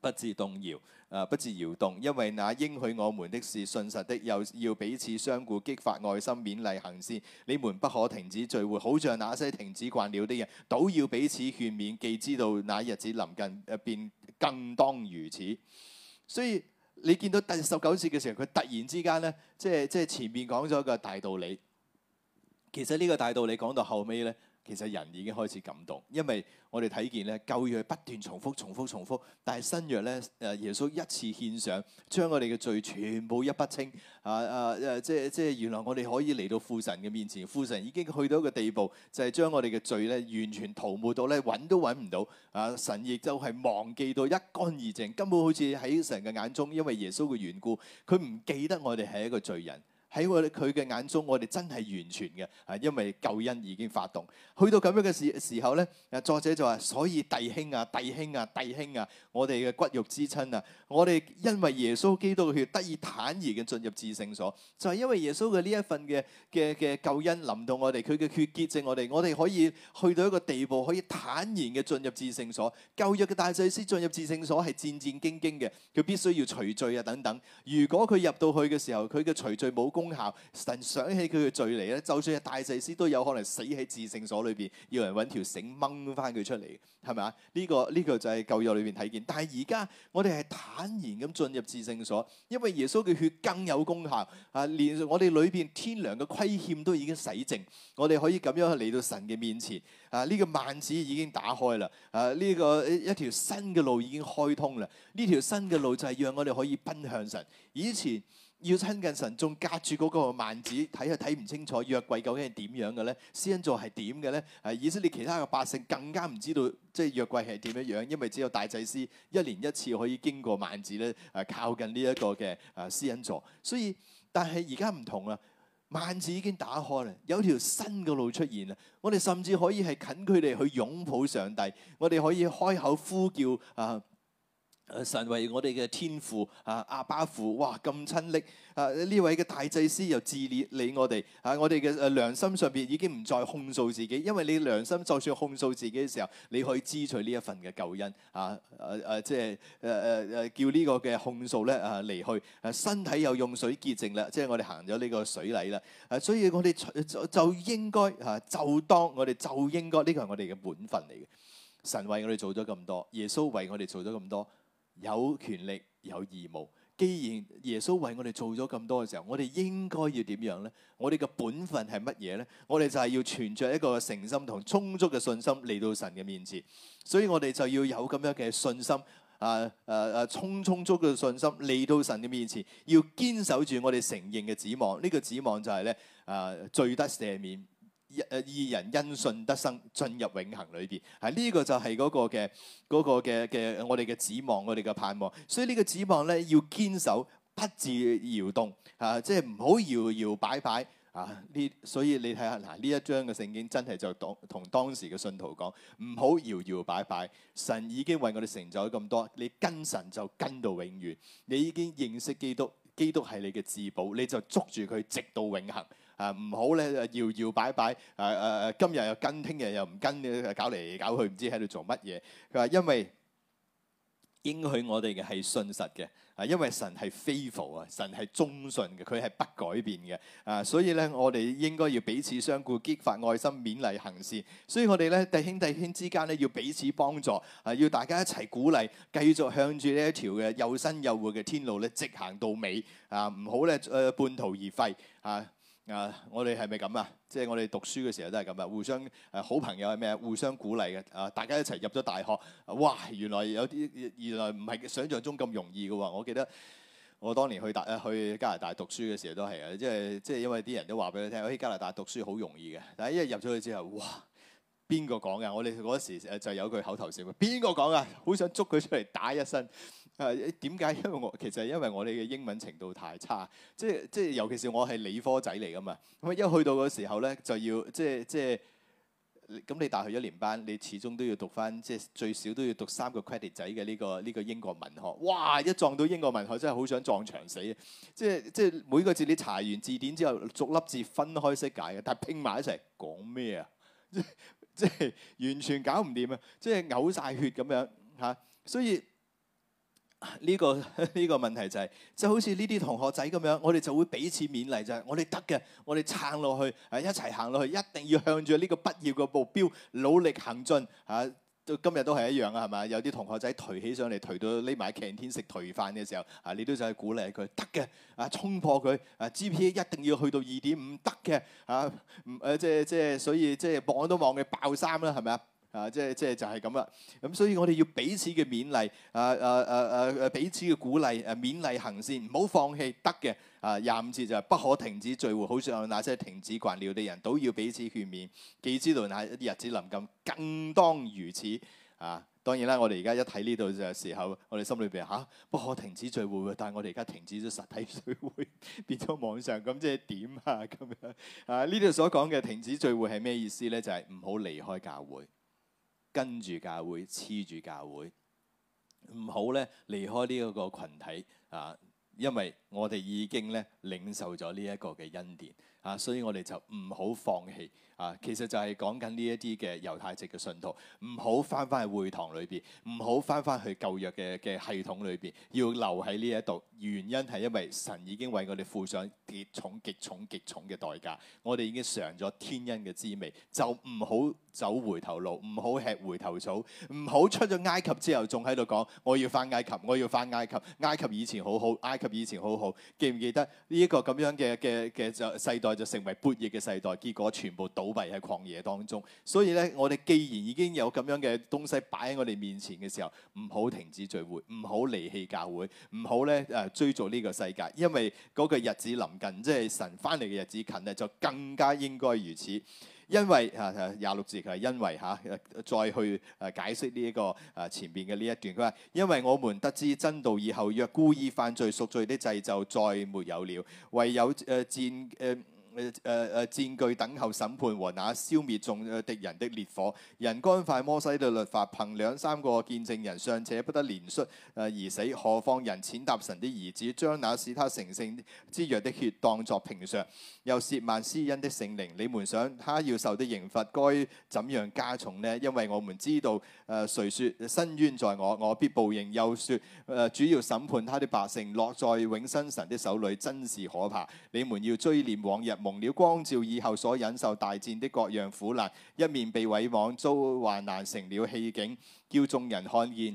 不自動搖，誒不自搖動，因為那應許我們的是信實的，又要彼此相顧，激發愛心，勉勵行善。你們不可停止聚會，好像那些停止慣了的人，倒要彼此勸勉。既知道那日子臨近，便更當如此。所以你見到第十九節嘅時候，佢突然之間呢，即係即係前面講咗個大道理。其實呢個大道理講到後尾呢。其實人已經開始感動，因為我哋睇見咧舊約不斷重、重複、重複、重複，但係新約咧誒耶穌一次獻上，將我哋嘅罪全部一筆清啊啊誒！即係即係原來我哋可以嚟到父神嘅面前，父神已經去到一個地步，就係、是、將我哋嘅罪咧完全塗抹到咧揾都揾唔到啊！神亦就係忘記到一乾二淨，根本好似喺神嘅眼中，因為耶穌嘅緣故，佢唔記得我哋係一個罪人。喺我佢嘅眼中，我哋真係完全嘅，啊，因為救恩已經發動。去到咁樣嘅時時候咧，啊，作者就話，所以弟兄啊，弟兄啊，弟兄啊，我哋嘅骨肉之親啊，我哋因為耶穌基督嘅血得以坦然嘅進入至聖所，就係、是、因為耶穌嘅呢一份嘅嘅嘅救恩臨到我哋，佢嘅血潔淨我哋，我哋可以去到一個地步，可以坦然嘅進入至聖所。舊約嘅大祭司進入至聖所係戰戰兢兢嘅，佢必須要除罪啊等等。如果佢入到去嘅時候，佢嘅除罪武功功效，神想起佢嘅罪嚟咧，就算係大祭司都有可能死喺至聖所裏邊，要人揾條繩掹翻佢出嚟，係咪啊？呢個呢個就係舊約裏邊睇見，但係而家我哋係坦然咁進入至聖所，因為耶穌嘅血更有功效啊！連我哋裏邊天良嘅虧欠都已經洗淨，我哋可以咁樣嚟到神嘅面前啊！呢個幔子已經打開啦，啊！呢個一條新嘅路已經開通啦，呢條新嘅路就係讓我哋可以奔向神。以前。要親近神，仲隔住嗰個幔子，睇又睇唔清楚約櫃究竟係點樣嘅咧？施恩座係點嘅咧？係以色列其他嘅百姓更加唔知道，即係約櫃係點樣樣，因為只有大祭司一年一次可以經過幔子咧，誒靠近呢一個嘅誒施恩座。所以，但係而家唔同啦，幔子已經打開啦，有條新嘅路出現啦。我哋甚至可以係近佢哋去擁抱上帝，我哋可以開口呼叫誒。啊神為我哋嘅天父啊，阿爸父，哇咁親暱！Internet, 啊！呢位嘅大祭司又治理我哋啊！我哋嘅良心上邊已經唔再控訴自己，因為你良心就算控訴自己嘅時候，你可以支取呢一份嘅救恩啊！誒、啊、誒，即係誒誒誒，叫呢個嘅控訴咧啊離去。誒、啊，身體又用水潔淨啦，即係我哋行咗呢個水禮啦。啊，所以我哋就就應該啊，就當我哋就應該呢個係我哋嘅本分嚟嘅。神為我哋做咗咁多，耶穌為我哋做咗咁多。啊有權力，有義務，既然耶穌為我哋做咗咁多嘅時候，我哋應該要點樣呢？我哋嘅本分係乜嘢呢？我哋就係要存着一個誠心同充足嘅信心嚟到神嘅面前，所以我哋就要有咁樣嘅信心啊！誒、啊、誒，充充足嘅信心嚟到神嘅面前，要堅守住我哋承認嘅指望，呢、呢個指望就係、係、咧啊，罪得赦免。誒，二人因信得生，進入永恒裏邊。係、呢、呢個就係嗰個嘅，嗰個嘅嘅、嗰個，我哋嘅指望，我哋嘅盼望。所以呢個指望咧，要堅守，不致搖動。啊，即係唔好搖搖擺擺啊！呢，所以你睇下嗱，呢一章嘅聖經真係就當同當時嘅信徒講，唔好搖搖擺擺。神已經為我哋成就咗咁多，你跟神就跟到永遠。你已經認識基督，基督係你嘅至寶，你就捉住佢，直到永恒。啊，唔好咧，搖搖擺擺，誒誒誒，今日又跟，聽日又唔跟，搞嚟搞去，唔知喺度做乜嘢？佢話因為應許我哋嘅係信實嘅，啊，因為神係 faithful 啊，神係忠信嘅，佢係不改變嘅，啊，所以咧，我哋應該要彼此相顧，激發愛心，勉勵行善。所以我哋咧，弟兄弟兄之間咧，要彼此幫助，啊，要大家一齊鼓勵，繼續向住呢一條嘅又新又活嘅天路咧，直行到尾，啊，唔好咧，誒半途而廢，啊。Uh, 是是啊！即係、我哋係咪咁啊？即係我哋讀書嘅時候都係咁啊，互相誒、啊、好朋友係咩互相鼓勵嘅啊！大家一齊入咗大學、啊，哇！原來有啲原來唔係想像中咁容易嘅喎、啊。我記得我當年去大、啊、去加拿大讀書嘅時候都係啊，即係即係因為啲人都話俾佢聽，喺、啊、加拿大讀書好容易嘅。但係一入咗去之後，哇！邊個講嘅？我哋嗰時就有句口頭禪，邊個講嘅？好想捉佢出嚟打一身。誒點解？因為我其實係因為我哋嘅英文程度太差，即係即係，尤其是我係理科仔嚟噶嘛。咁一去到個時候咧，就要即係即係，咁你大學一年班，你始終都要讀翻，即係最少都要讀三個 credit 仔嘅呢、呢個呢、呢個英國文學。哇！一撞到英國文學，真係好想撞牆死啊！即係即係每個字你查完字典之後，逐粒字分開識解嘅，但係拼埋一齊講咩啊？即係完全搞唔掂啊！即係嘔晒血咁樣嚇、啊，所以。呢個呢個問題就係、是，即係好似呢啲同學仔咁樣，我哋就會彼此勉勵就係，我哋得嘅，我哋撐落去，係一齊行落去，一定要向住呢個畢業嘅目標努力行進。嚇、啊，到今日都係一樣啊，係咪？有啲同學仔頹起上嚟，頹到匿埋喺 canteen 食頹飯嘅時候，啊，你都就係鼓勵佢，得嘅，啊，衝破佢，啊，GPA 一定要去到二點五，得嘅，啊，唔即係即係，所以即係望都望佢爆三啦，係咪啊？啊，即係即係就係咁啦。咁、啊、所以我哋要彼此嘅勉勵，啊啊啊啊啊，彼此嘅鼓勵，誒、啊、勉勵行先，唔好放棄，得嘅。啊廿五節就係不可停止聚會，好似有那些停止慣了嘅人，都要彼此勸勉。既知道那一啲日子臨近，更當如此。啊，當然啦，我哋而家一睇呢度嘅時候，我哋心裏邊嚇不可停止聚會，但係我哋而家停止咗實體聚會，變咗網上，咁即係點啊？咁樣啊？呢度、啊啊、所講嘅停止聚會係咩意思咧？就係唔好離開教會。跟住教會，黐住教會，唔好咧離開呢一個群體啊！因為我哋已經咧領受咗呢一個嘅恩典啊，所以我哋就唔好放棄。啊，其實就係講緊呢一啲嘅猶太籍嘅信徒，唔好翻翻去會堂裏邊，唔好翻翻去舊約嘅嘅系統裏邊，要留喺呢一度。原因係因為神已經為我哋付上極重、極重、極重嘅代價，我哋已經嘗咗天恩嘅滋味，就唔好走回頭路，唔好吃回頭草，唔好出咗埃及之後仲喺度講我要翻埃及，我要翻埃及。埃及以前好好，埃及以前好好，記唔記得呢一個咁樣嘅嘅嘅世代就成為叛逆嘅世代，結果全部倒。逃避喺曠野當中，所以咧，我哋既然已經有咁樣嘅東西擺喺我哋面前嘅時候，唔好停止聚會，唔好離棄教會，唔好咧誒追逐呢個世界，因為嗰個日子臨近，即、就、係、是、神翻嚟嘅日子近咧，就更加應該如此。因為啊廿六節係因為吓、啊，再去誒解釋呢、這、一個誒、啊、前面嘅呢一段。佢話，因為我們得知真道以後，若故意犯罪，贖罪的祭就再沒有了，唯有誒戰誒。呃誒誒誒，戰懼、呃、等候審判和那消滅眾敵人的烈火。人干犯摩西的律法，憑兩三個見證人尚且不得憐恤誒而死，何況人踐踏神的兒子，將那使他成聖之約的血當作平常，又褻慢施恩的聖靈。你們想他要受的刑罰該怎樣加重呢？因為我們知道誒誰説伸冤在我，我必報應又說。又説誒主要審判他的百姓，落在永生神的手裏，真是可怕。你們要追念往日。蒙了光照以後，所忍受大戰的各樣苦難，一面被毀網遭患難，成了戲景，叫眾人看見；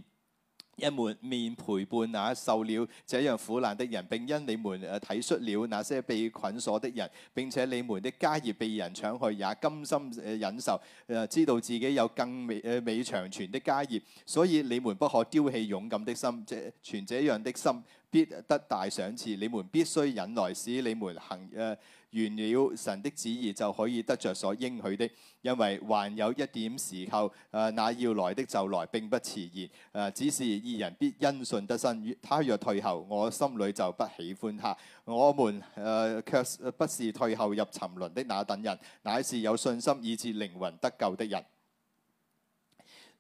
一面面陪伴那受了這樣苦難的人，並因你們誒體恤了那些被捆鎖的人，並且你們的家業被人搶去，也甘心忍受，誒知道自己有更美美長存的家業，所以你們不可丟棄勇敢的心，這存這樣的心必得大賞賜。你們必須忍耐，使你們行誒。呃完了，神的旨意就可以得着所應許的，因為還有一點時候。誒、呃，那要來的就來，並不遲延。誒、呃，只是義人必因信得生。他若退後，我心裏就不喜歡他。我們誒卻、呃、不是退後入沉淪的那等人，乃是有信心以致靈魂得救的人。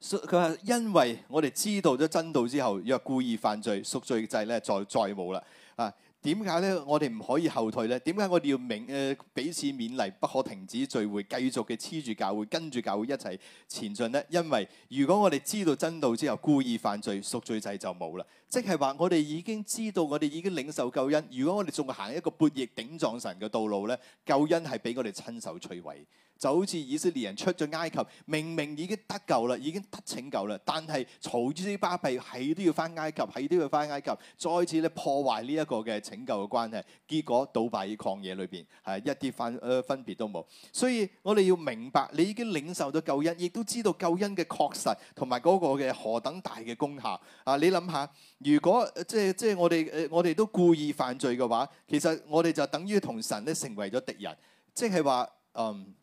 佢、so, 話：因為我哋知道咗真道之後，若故意犯罪，贖罪制呢，再再冇啦。啊！點解咧？我哋唔可以後退呢？點解我哋要勉誒、呃、彼此勉勵，不可停止聚會，繼續嘅黐住教會，跟住教會一齊前進呢？因為如果我哋知道真道之後故意犯罪，贖罪祭就冇啦。即係話我哋已經知道我哋已經領受救恩，如果我哋仲行一個悖逆頂撞神嘅道路呢，救恩係俾我哋親手摧毀。就好似以色列人出咗埃及，明明已經得救啦，已經得拯救啦，但係嘈之巴閉係都要返埃及，係都要返埃及，再次咧破壞呢一個嘅拯救嘅關係。結果倒斃曠野裏邊係一啲分誒分別都冇。所以我哋要明白，你已經領受咗救恩，亦都知道救恩嘅確實同埋嗰個嘅何等大嘅功效啊！你諗下，如果、呃、即係即係我哋誒、呃，我哋都故意犯罪嘅話，其實我哋就等於同神咧成為咗敵人，即係話嗯。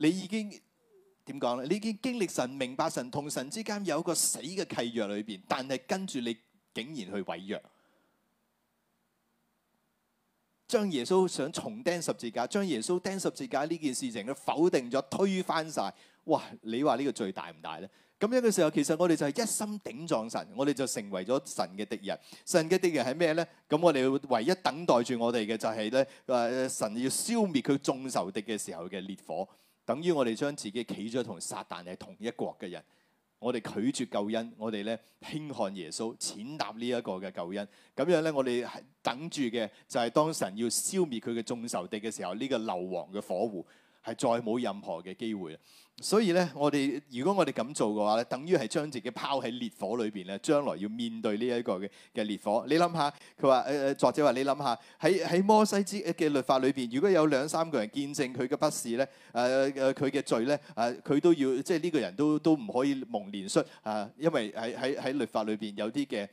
你已經點講咧？你已經經歷神明白神同神之間有一個死嘅契約裏邊，但係跟住你竟然去毀約，將耶穌想重釘十字架，將耶穌釘十字架呢件事情去否定咗，推翻晒。哇！你話呢個罪大唔大咧？咁樣嘅時候，其實我哋就係一心頂撞神，我哋就成為咗神嘅敵人。神嘅敵人係咩咧？咁我哋唯一等待住我哋嘅就係、是、咧，誒神要消滅佢眾仇敵嘅時候嘅烈火。等於我哋將自己企咗同撒旦係同一國嘅人，我哋拒絕救恩，我哋咧輕看耶穌，踐踏呢一個嘅救恩，咁樣咧我哋係等住嘅就係當神要消滅佢嘅眾仇敵嘅時候，呢個硫磺嘅火湖係再冇任何嘅機會啦。所以咧，我哋如果我哋咁做嘅話咧，等於係將自己拋喺烈火裏邊咧。將來要面對呢一個嘅嘅烈火，你諗下佢話誒誒，作者話你諗下喺喺摩西之嘅律法裏邊，如果有兩三個人見證佢嘅不是咧，誒誒佢嘅罪咧，誒、啊、佢都要即係呢個人都都唔可以蒙憐恕啊，因為喺喺喺律法裏邊有啲嘅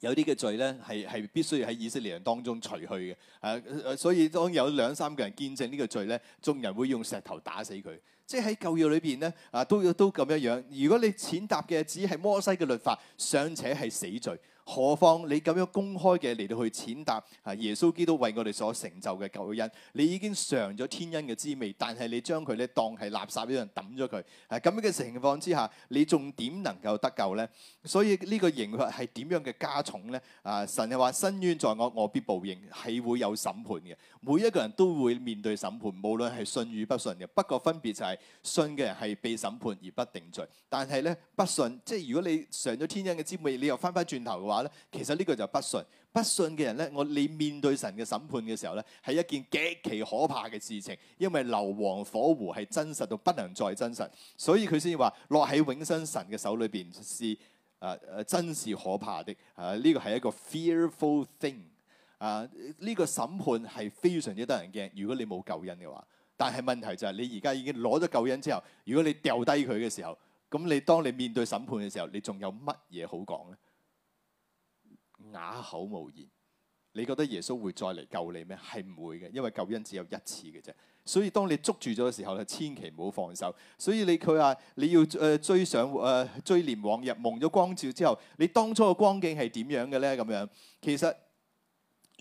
有啲嘅罪咧係係必須要喺以色列人當中除去嘅誒、啊，所以當有兩三個人見證呢個罪咧，眾人會用石頭打死佢。即係喺舊約裏邊咧，啊都要都咁樣。如果你踐踏嘅只係摩西嘅律法，尚且係死罪。何況你咁樣公開嘅嚟到去踐踏啊，耶穌基督為我哋所成就嘅救恩，你已經嘗咗天恩嘅滋味，但係你將佢咧當係垃圾一樣抌咗佢。係咁、啊、樣嘅情況之下，你仲點能夠得救咧？所以呢個刑罰係點樣嘅加重咧？啊！神係話：伸冤在我，我必報應，係會有審判嘅。每一個人都會面對審判，無論係信與不信嘅。不過分別就係信嘅人係被審判而不定罪，但係咧不信，即係如果你嘗咗天恩嘅滋味，你又翻返轉頭嘅話。其實呢個就不信，不信嘅人咧，我你面對神嘅審判嘅時候咧，係一件極其可怕嘅事情，因為硫磺火湖係真實到不能再真實，所以佢先話落喺永生神嘅手裏邊是誒誒、呃，真是可怕的啊！呢、呃這個係一個 fearful thing 啊、呃，呢、這個審判係非常之得人驚。如果你冇救恩嘅話，但係問題就係、是、你而家已經攞咗救恩之後，如果你掉低佢嘅時候，咁你當你面對審判嘅時候，你仲有乜嘢好講咧？啞口無言，你覺得耶穌會再嚟救你咩？係唔會嘅，因為救恩只有一次嘅啫。所以當你捉住咗嘅時候咧，千祈唔好放手。所以你佢話你要誒追想誒追念往日，蒙咗光照之後，你當初嘅光景係點樣嘅咧？咁樣其實。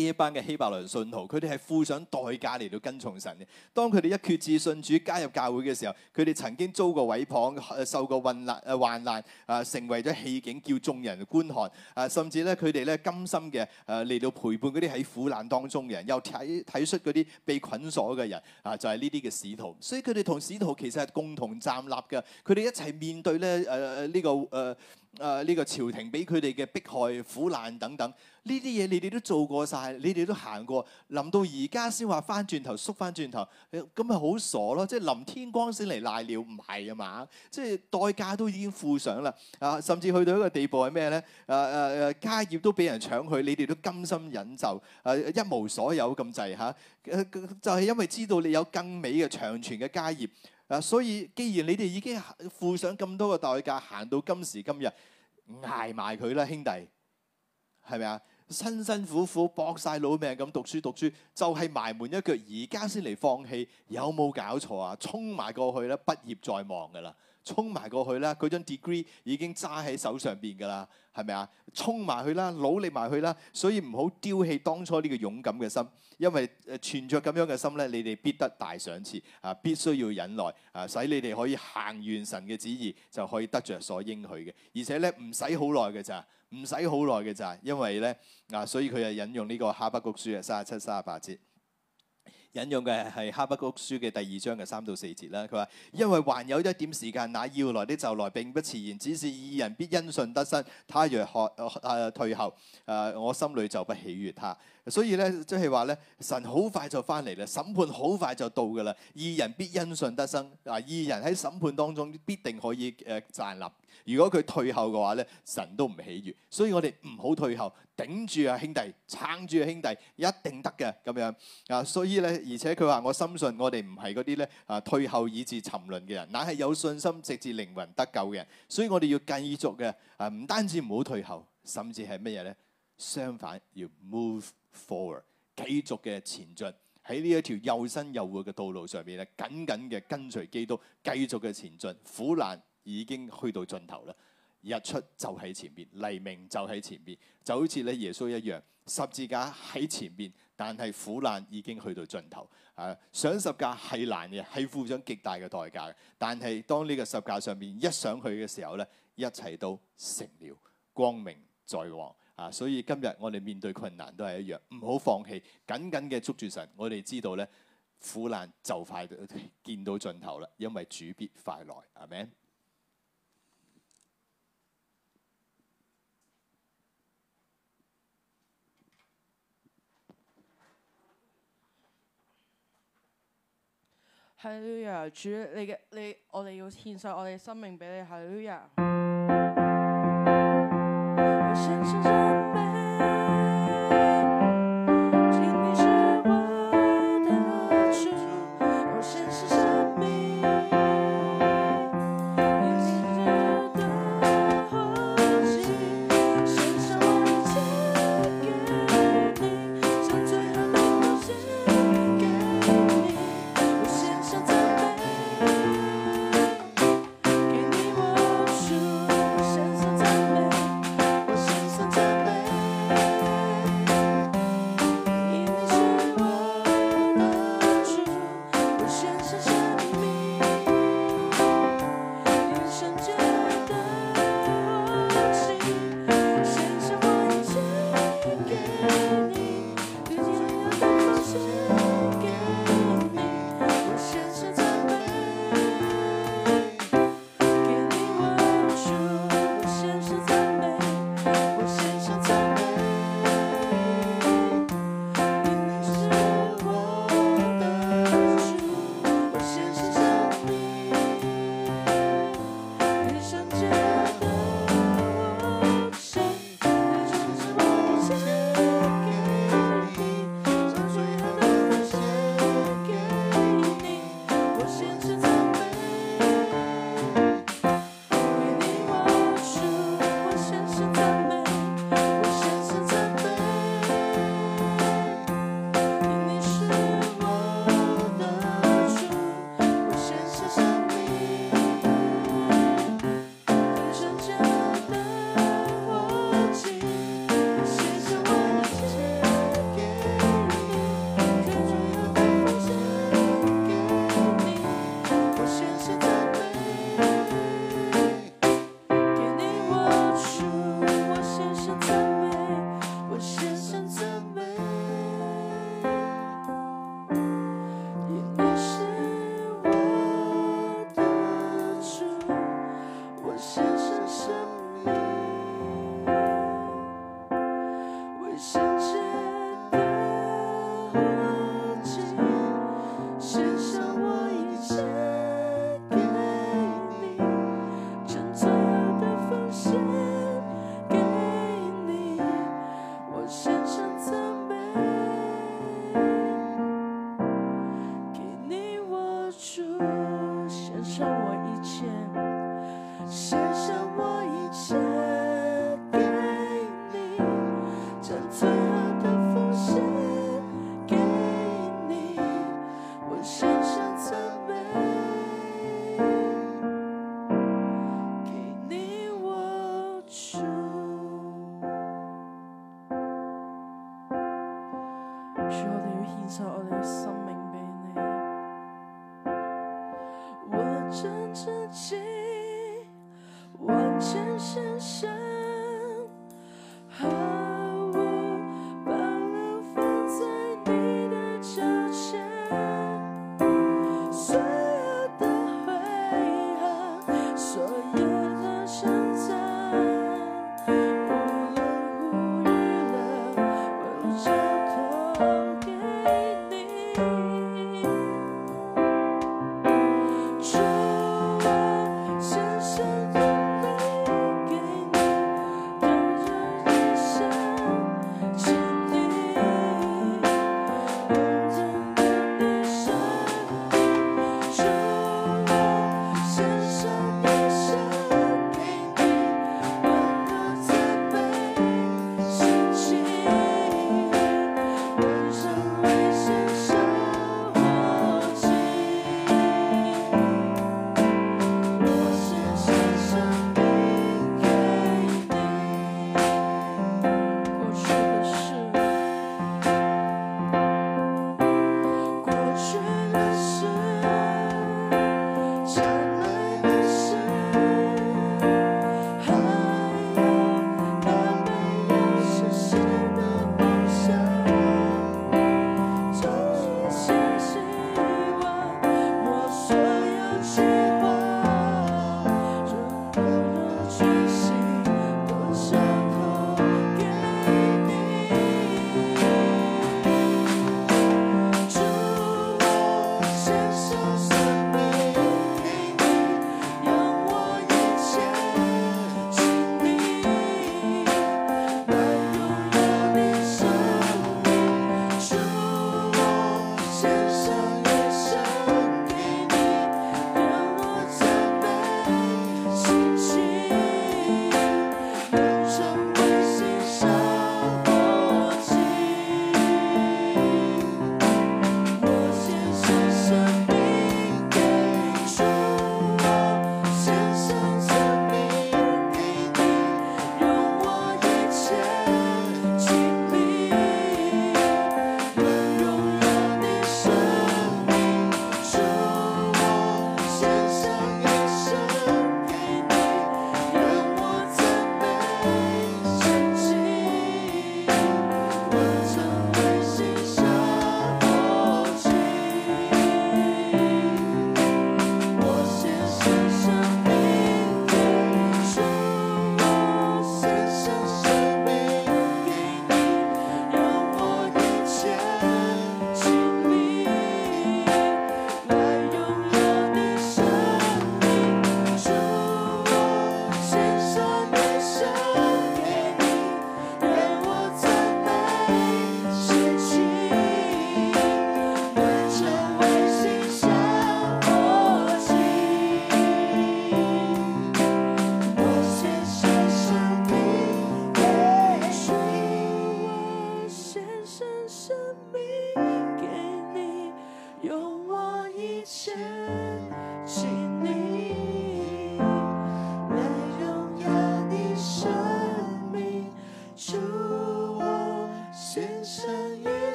呢一班嘅希伯來信徒，佢哋係付上代價嚟到跟從神嘅。當佢哋一決志信主加入教會嘅時候，佢哋曾經遭過毀謗，受過混亂、誒患難，啊，成為咗戲景，叫眾人觀看。啊、呃，甚至咧，佢哋咧甘心嘅誒嚟到陪伴嗰啲喺苦難當中嘅人，又睇睇出嗰啲被捆鎖嘅人。啊、呃，就係呢啲嘅使徒。所以佢哋同使徒其實係共同站立嘅。佢哋一齊面對咧誒呢、呃呃這個誒。呃誒呢、啊呢個朝廷俾佢哋嘅迫害、苦難等等，呢啲嘢你哋都做過晒，你哋都行過，臨到而家先話翻轉頭縮翻轉頭，咁咪好傻咯！即係臨天光先嚟賴尿，唔係啊嘛！即係代價都已經付上啦，啊，甚至去到一個地步係咩咧？誒誒誒，家業都俾人搶去，你哋都甘心忍就誒、啊、一無所有咁滯嚇，就係、是、因為知道你有更美嘅長存嘅家業。啊！所以，既然你哋已經付上咁多嘅代價，行到今時今日，捱埋佢啦，兄弟，係咪啊？辛辛苦苦搏晒老命咁讀書讀書，就係埋門一腳，而家先嚟放棄，有冇搞錯啊？衝埋過去啦，畢業在望噶啦，衝埋過去啦，嗰張 degree 已經揸喺手上邊噶啦，係咪啊？衝埋去啦，努力埋去啦，所以唔好丟棄當初呢個勇敢嘅心。因為誒存着咁樣嘅心咧，你哋必得大賞賜啊！必須要忍耐啊，使你哋可以行完神嘅旨意，就可以得着所應許嘅。而且咧唔使好耐嘅咋，唔使好耐嘅咋，因為咧啊，所以佢就引用呢個哈巴谷書嘅三十七、三十八節。引用嘅係《哈巴谷書》嘅第二章嘅三到四節啦。佢話：因為還有一點時間，那要來的就來，並不遲延。只是義人必因信得生，他若學誒退後，誒我心裏就不喜悅他。所以咧，即係話咧，神好快就翻嚟啦，審判好快就到㗎啦。義人必因信得生，嗱，義人喺審判當中必定可以誒站立。如果佢退後嘅話咧，神都唔喜悅，所以我哋唔好退後，頂住啊兄弟，撐住啊兄弟，一定得嘅咁樣啊。所以咧，而且佢話，我深信我哋唔係嗰啲咧啊退後以至沉淪嘅人，乃係有信心直至靈魂得救嘅人。所以我哋要繼續嘅啊，唔單止唔好退後，甚至係乜嘢咧？相反要 move forward，繼續嘅前進喺呢一條又新又活嘅道路上邊咧，緊緊嘅跟隨基督，繼續嘅前進，苦難。已經去到盡頭啦，日出就喺前面，黎明就喺前面，就好似你耶穌一樣，十字架喺前面。但係苦難已經去到盡頭。啊，上十架係難嘅，係付上極大嘅代價嘅，但係當呢個十架上面一上去嘅時候咧，一切都成了，光明在望。啊，所以今日我哋面對困難都係一樣，唔好放棄，緊緊嘅捉住神。我哋知道咧，苦難就快見到盡頭啦，因為主必快來。阿門。係 Lord 主你嘅你，我哋要獻上我哋嘅生命俾你，係 Lord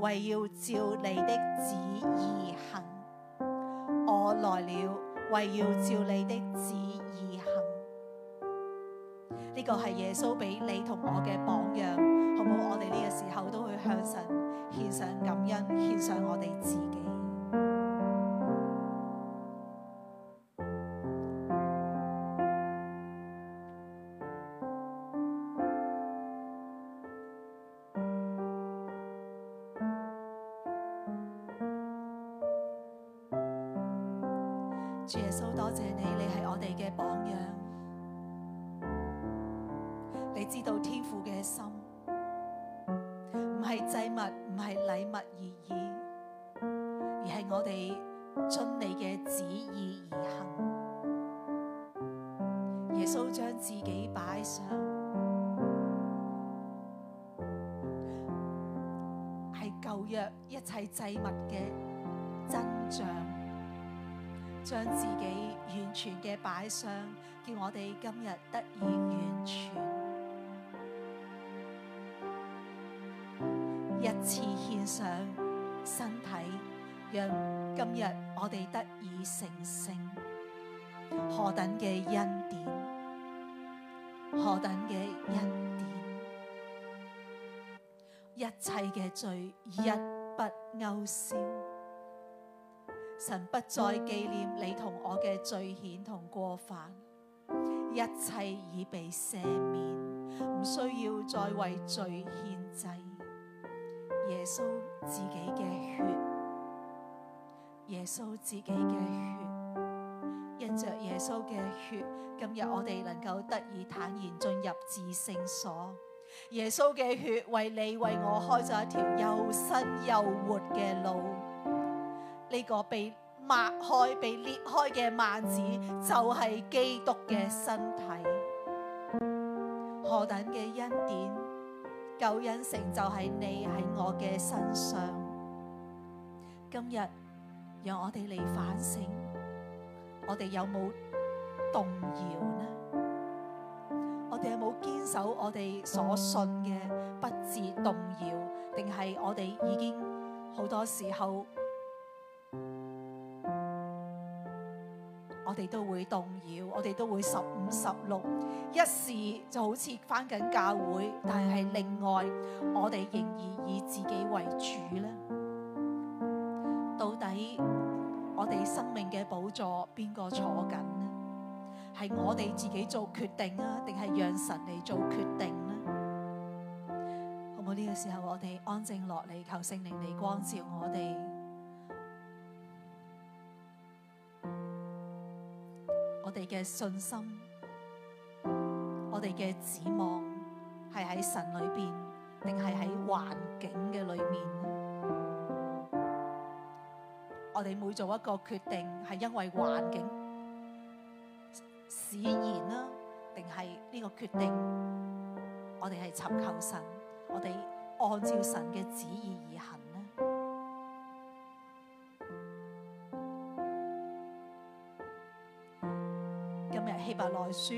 為要照你的旨意行，我來了，為要照你的旨意行。呢、這個係耶穌俾你同我嘅榜樣，好唔好？我哋呢個時候都會向神獻上感恩，獻上我哋自己。主耶穌，多謝你，你係我哋嘅榜樣。上叫我哋今日得以完全一次獻上身體，讓今日我哋得以成聖。何等嘅恩典！何等嘅恩典！一切嘅罪一筆勾銷。神不再紀念你同我嘅罪愆同過犯，一切已被赦免，唔需要再為罪獻祭。耶穌自己嘅血，耶穌自己嘅血，因着耶穌嘅血，今日我哋能夠得以坦然進入至聖所。耶穌嘅血為你為我開咗一條又新又活嘅路。呢個被擘開、被裂開嘅幔子，就係、是、基督嘅身體。何等嘅恩典，救恩成就喺你喺我嘅身上。今日，讓我哋嚟反省，我哋有冇動搖呢？我哋有冇堅守我哋所信嘅不至動搖？定係我哋已經好多時候？我哋都會動搖，我哋都會十五十六，一時就好似返緊教會，但係另外我哋仍然以自己為主呢。到底我哋生命嘅寶座邊個坐緊呢？係我哋自己做決定啊，定係讓神嚟做決定呢？好唔好？呢個時候我哋安靜落嚟，求聖靈嚟光照我哋。我哋嘅信心，我哋嘅指望，係喺神裏邊，定係喺環境嘅裏面？我哋每做一個決定，係因為環境使然啦，定係呢個決定？我哋係尋求神，我哋按照神嘅旨意而行。書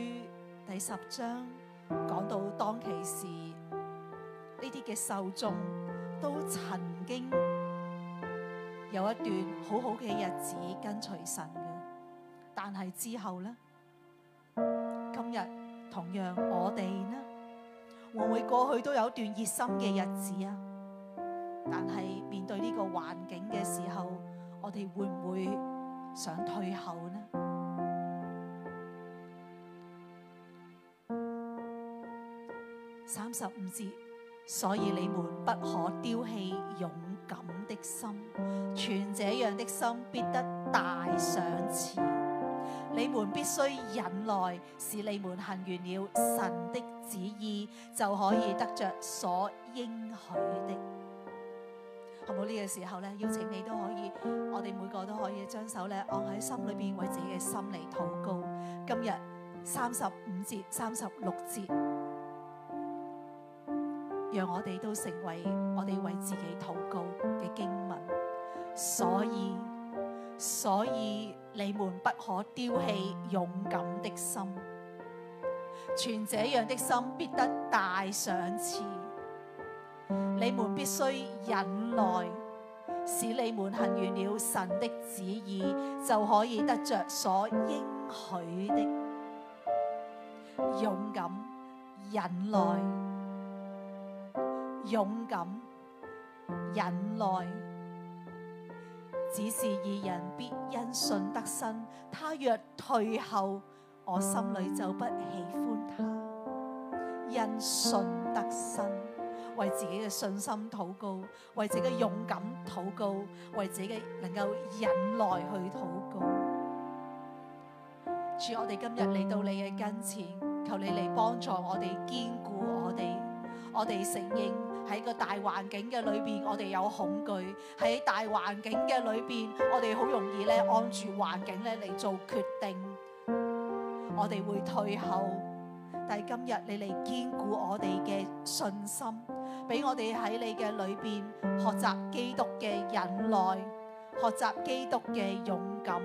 第十章講到當，當其時呢啲嘅受眾都曾經有一段好好嘅日子跟隨神嘅，但係之後咧，今日同樣我哋呢，會唔會過去都有一段熱心嘅日子啊？但係面對呢個環境嘅時候，我哋會唔會想退後呢？三十五節，所以你們不可丟棄勇敢的心，存這樣的心必得大賞賜。你們必須忍耐，使你們行完了神的旨意，就可以得着所應許的。好冇呢、呢個時候咧，邀請你都可以，我哋每個都可以將手咧按喺心裏邊，為自己嘅心裏禱告。今日三十五節、三十六節。讓我哋都成為我哋為自己禱告嘅經文，所以所以你們不可丟棄勇敢的心，存這樣的心必得大賞賜。你們必須忍耐，使你們行完了神的旨意，就可以得着所應許的。勇敢，忍耐。勇敢、忍耐，只是二人必因信得生。他若退後，我心裏就不喜歡他。因信得生，為自己嘅信心禱告，為自己嘅勇敢禱告，為自己嘅能夠忍耐去禱告。主，我哋今日嚟到你嘅跟前，求你嚟幫助我哋，堅固我哋。我哋承認。喺個大環境嘅裏邊，我哋有恐懼；喺大環境嘅裏邊，我哋好容易咧按住環境咧嚟做決定，我哋會退後。但係今日你嚟堅固我哋嘅信心，俾我哋喺你嘅裏邊學習基督嘅忍耐，學習基督嘅勇敢。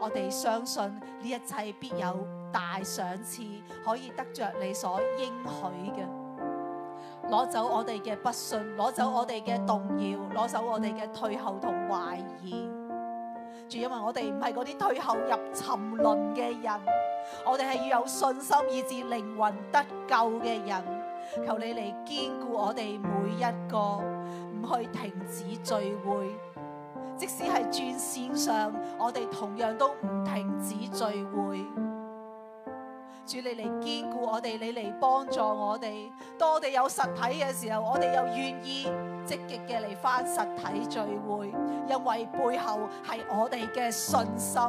我哋相信呢一切必有大賞賜，可以得着你所應許嘅。攞走我哋嘅不信，攞走我哋嘅動搖，攞走我哋嘅退後同懷疑。仲因為我哋唔係嗰啲退後入沉淪嘅人，我哋係要有信心以致靈魂得救嘅人。求你嚟堅固我哋每一個，唔去停止聚會，即使係轉線上，我哋同樣都唔停止聚會。主你嚟堅固我哋，你嚟幫助我哋。當我哋有實體嘅時候，我哋又願意積極嘅嚟翻實體聚會，因為背後係我哋嘅信心，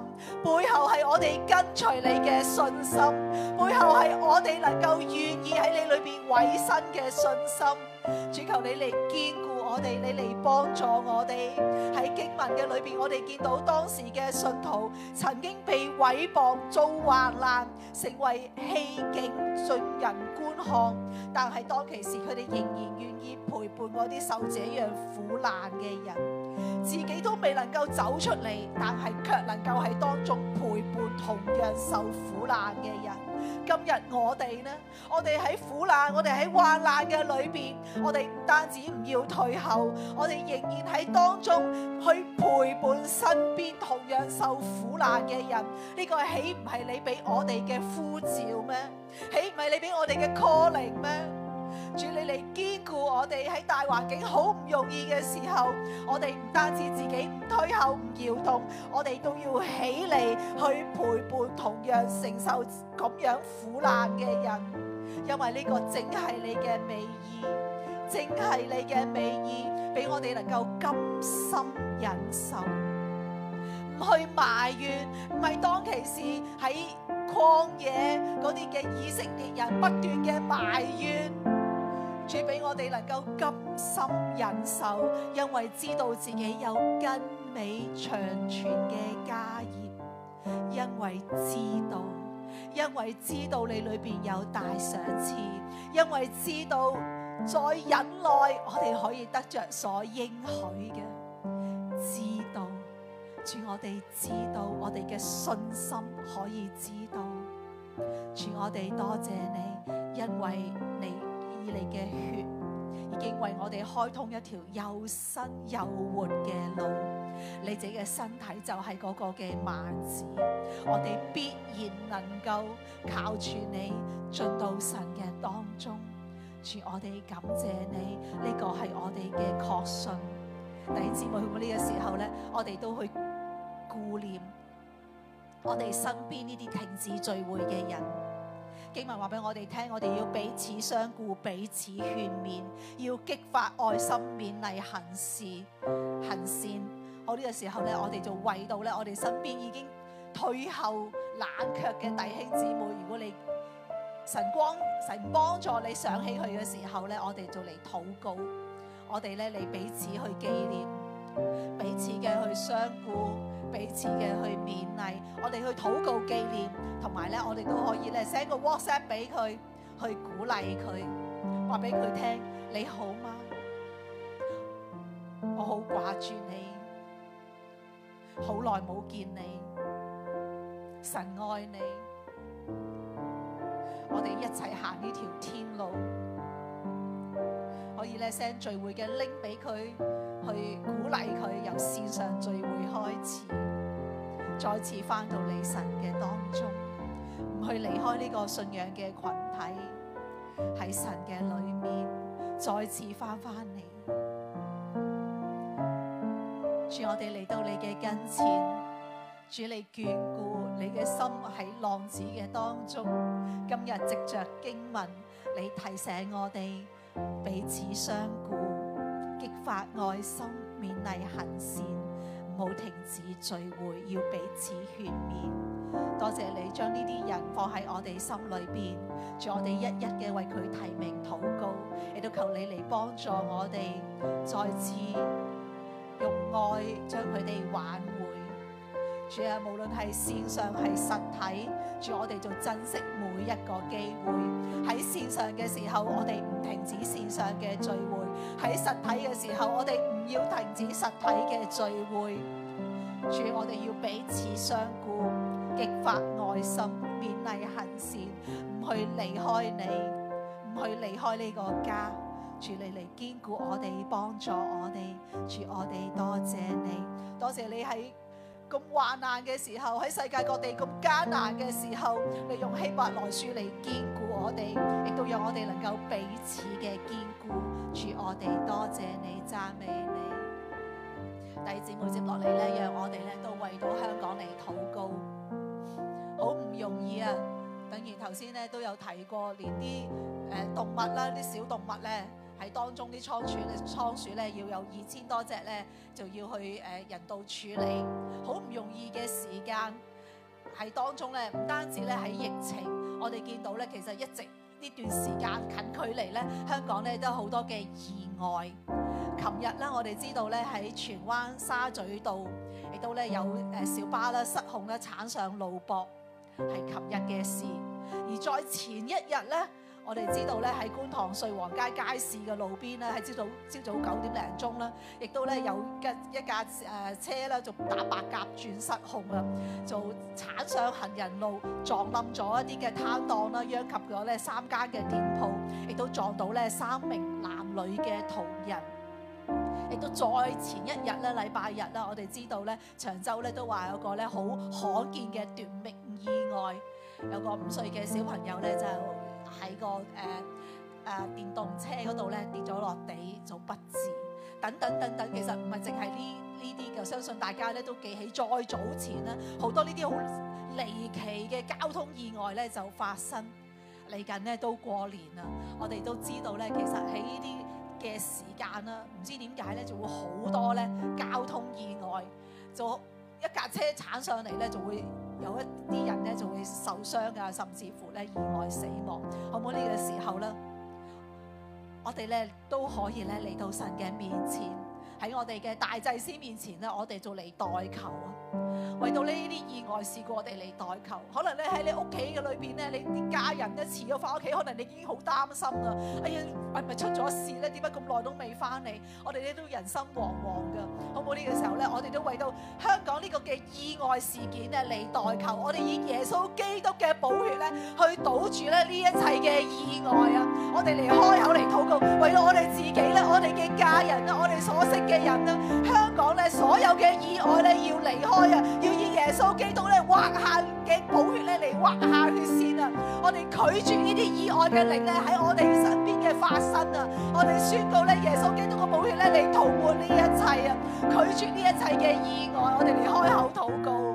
背後係我哋跟隨你嘅信心，背後係我哋能夠願意喺你裏邊委身嘅信心。主求你嚟堅固。我哋，你嚟幫助我哋。喺經文嘅裏邊，我哋見到當時嘅信徒曾經被毀謗、遭患難，成為戲景盡人觀看，但係當其時佢哋仍然願意陪伴嗰啲受這樣苦難嘅人，自己都未能夠走出嚟，但係卻能夠喺當中陪伴同樣受苦難嘅人。今日我哋呢？我哋喺苦難，我哋喺患難嘅裏邊，我哋唔單止唔要退後，我哋仍然喺當中去陪伴身邊同樣受苦難嘅人。呢個豈唔係你俾我哋嘅呼召咩？豈唔係你俾我哋嘅 calling 咩？主，你嚟堅固我哋喺大環境好唔容易嘅時候，我哋唔單止自己唔退後、唔搖動，我哋都要起嚟去陪伴同樣承受咁樣苦難嘅人，因為呢個正係你嘅美意，正係你嘅美意，俾我哋能夠甘心忍受，唔去埋怨，唔係當其時喺曠野嗰啲嘅以色列人不斷嘅埋怨。主俾我哋能夠甘心忍受，因為知道自己有更美長存嘅家業，因為知道，因為知道你裏面有大賞賜，因為知道，再忍耐我哋可以得着所應許嘅，知道，主，我哋知道我哋嘅信心可以知道，主，我哋多謝你，因為你。你嘅血已經為我哋開通一條又新又活嘅路，你自己嘅身體就係嗰個嘅幔子，我哋必然能夠靠住你進到神嘅當中。主，我哋感謝你，呢個係我哋嘅確信。弟兄姊妹們，呢個時候咧，我哋都去顧念我哋身邊呢啲停止聚會嘅人。經文話俾我哋聽，我哋要彼此相顧，彼此勸勉，要激發愛心，勉勵行事、行善。我呢、這個時候咧，我哋就為到咧我哋身邊已經退後冷卻嘅弟兄姊妹。如果你神光神幫助你想起佢嘅時候咧，我哋就嚟禱告，我哋咧嚟彼此去紀念，彼此嘅去相顧。彼此嘅去勉勵，我哋去禱告紀念，同埋咧，我哋都可以咧，send 個 WhatsApp 俾佢去鼓勵佢，話俾佢聽你好嗎？我好掛住你，好耐冇見你，神愛你，我哋一齊行呢條天路。可以咧 send 聚會嘅拎 i 俾佢，去鼓勵佢由線上聚會開始，再次翻到你神嘅當中，唔去離開呢個信仰嘅群體，喺神嘅裏面再次翻返嚟。主，我哋嚟到你嘅跟前，主，你眷顧你嘅心喺浪子嘅當中，今日藉着經文，你提醒我哋。彼此相顧，激發愛心，勉勵行善，唔好停止聚會，要彼此勸勉。多謝你將呢啲人放喺我哋心裏邊，助我哋一一嘅為佢提名禱告，亦都求你嚟幫助我哋再次用愛將佢哋挽回。主啊，無論係線上係實體。主我哋就珍惜每一個機會。喺線上嘅時候，我哋唔停止線上嘅聚會；喺實體嘅時候，我哋唔要停止實體嘅聚會。主，我哋要彼此相顧，激發愛心，勉勵行善，唔去離開你，唔去離開呢個家。主，你嚟堅固我哋，幫助我哋。主，我哋多謝你，多謝你喺咁患難嘅時候，喺世界各地咁艱難嘅時候，你用希伯來書嚟堅固我哋，亦都讓我哋能夠彼此嘅堅固。主，我哋多謝你，讚美你，弟兄姊妹接落嚟咧，讓我哋咧都為到香港嚟禱告。好唔容易啊！等於頭先咧都有提過，連啲誒動物啦，啲小動物咧。喺當中啲倉鼠呢，倉鼠咧要有二千多隻咧，就要去誒、呃、人道處理。好唔容易嘅時間，喺當中咧，唔單止咧喺疫情，我哋見到咧，其實一直呢段時間近距離咧，香港咧都有好多嘅意外。琴日咧，我哋知道咧喺荃灣沙咀道，亦都咧有誒、呃、小巴啦失控啦，鏟上路壆，係琴日嘅事。而再前一日咧。我哋知道咧喺觀塘瑞和街街市嘅路邊咧，喺朝早朝早九點零鐘啦，亦都咧有一架誒、呃、車啦，就打白鴿轉失控啦，就鏟上行人路撞冧咗一啲嘅攤檔啦，殃及咗咧三間嘅店鋪，亦都撞到咧三名男女嘅途人，亦都再前一日咧禮拜日啦，我哋知道咧長洲咧都話有個咧好罕見嘅奪命意外，有個五歲嘅小朋友咧就，喺個誒誒、呃呃、電動車嗰度咧跌咗落地就不治，等等等等，其實唔係淨係呢呢啲嘅，相信大家咧都記起再早前咧好多呢啲好離奇嘅交通意外咧就發生，嚟緊咧都過年啦，我哋都知道咧，其實喺呢啲嘅時間啦，唔知點解咧就會好多咧交通意外，就一架車鏟上嚟咧就會。有一啲人咧就會受傷啊，甚至乎咧意外死亡，好唔好呢、這個時候咧，我哋咧都可以咧嚟到神嘅面前。喺我哋嘅大祭司面前咧，我哋就嚟代求，啊。為到呢啲意外事故，我哋嚟代求。可能咧喺你屋企嘅裏邊咧，你啲家人咧遲咗翻屋企，可能你已經好擔心啦。哎呀，唔係出咗事咧？點解咁耐都未翻嚟？我哋咧都人心惶惶噶。好唔好呢、呢個時候咧，我哋都為到香港呢個嘅意外事件咧嚟代求。我哋以耶穌基督嘅寶血咧，去堵住咧呢一切嘅意外啊！我哋嚟開口嚟禱告，為咗我哋自己咧，我哋嘅家人啦，我哋所剩。嘅人啦，香港咧所有嘅意外咧要離開啊，要以耶穌基督咧劃下嘅寶血咧嚟劃下血線啊！我哋拒絕呢啲意外嘅靈咧喺我哋身邊嘅發生啊！我哋宣告咧耶穌基督嘅寶血咧嚟塗抹呢一切啊！拒絕呢一切嘅意外，我哋嚟開口禱告。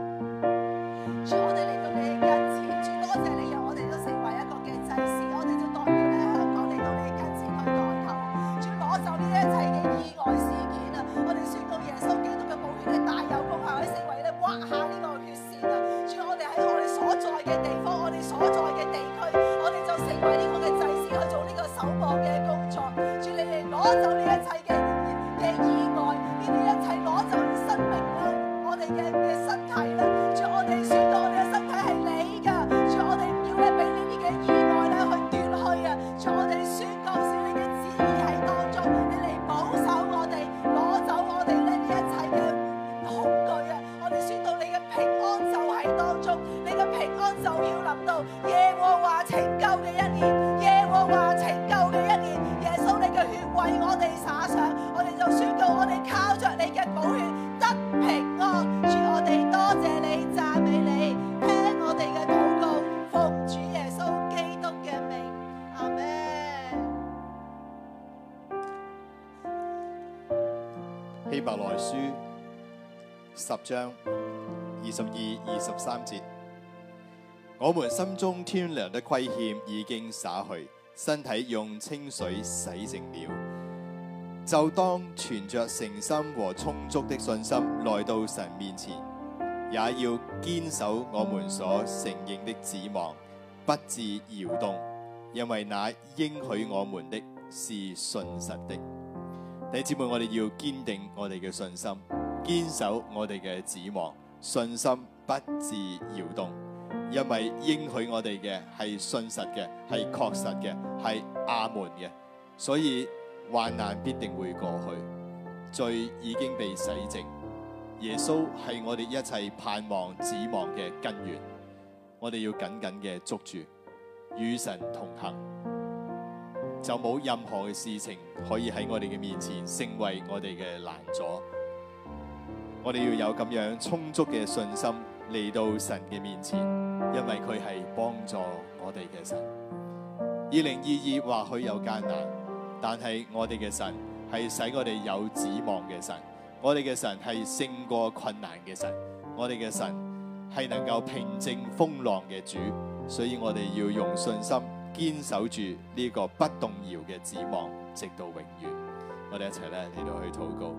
章二十二、二十三節，我們心中天良的虧欠已經灑去，身體用清水洗淨了，就當存着誠心和充足的信心來到神面前，也要堅守我們所承認的指望，不至搖動，因為那應許我們的，是信實的。弟兄姊妹，我哋要堅定我哋嘅信心。堅守我哋嘅指望，信心不致搖動，因為應許我哋嘅係信實嘅，係確實嘅，係阿門嘅。所以患難必定會過去，罪已經被洗淨，耶穌係我哋一切盼望指望嘅根源，我哋要緊緊嘅捉住，與神同行，就冇任何嘅事情可以喺我哋嘅面前成為我哋嘅攔阻。我哋要有咁樣充足嘅信心嚟到神嘅面前，因為佢係幫助我哋嘅神。二零二二或許有艱難，但係我哋嘅神係使我哋有指望嘅神。我哋嘅神係勝過困難嘅神。我哋嘅神係能夠平靜風浪嘅主。所以我哋要用信心堅守住呢個不動搖嘅指望，直到永遠。我哋一齊咧嚟到去禱告，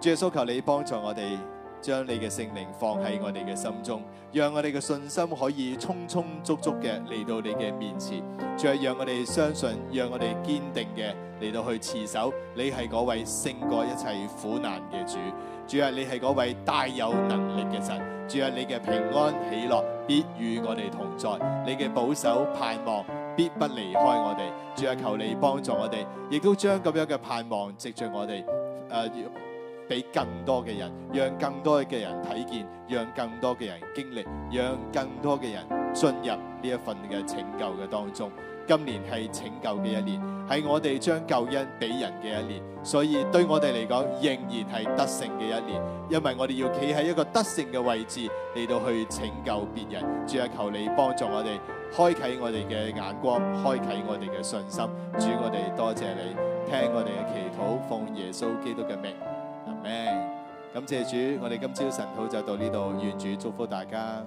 主啊，所求你幫助我哋，將你嘅聖靈放喺我哋嘅心中，讓我哋嘅信心可以充充足足嘅嚟到你嘅面前。主啊，讓我哋相信，讓我哋堅定嘅嚟到去持守，你係嗰位勝過一切苦難嘅主。主啊，你係嗰位大有能力嘅神。主啊，你嘅平安喜樂必與我哋同在，你嘅保守盼望必不離開我哋，主啊，求你幫助我哋，亦都將咁樣嘅盼望藉住我哋誒，俾、呃、更多嘅人，讓更多嘅人睇見，讓更多嘅人經歷，讓更多嘅人進入呢一份嘅拯救嘅當中。今年係拯救嘅一年，係我哋將救恩俾人嘅一年，所以對我哋嚟講仍然係得勝嘅一年，因為我哋要企喺一個得勝嘅位置嚟到去拯救別人。主啊，求你幫助我哋，開啟我哋嘅眼光，開啟我哋嘅信心。主，我哋多謝你聽我哋嘅祈禱，奉耶穌基督嘅名。阿門。感謝主，我哋今朝神討就到呢度，願主祝福大家。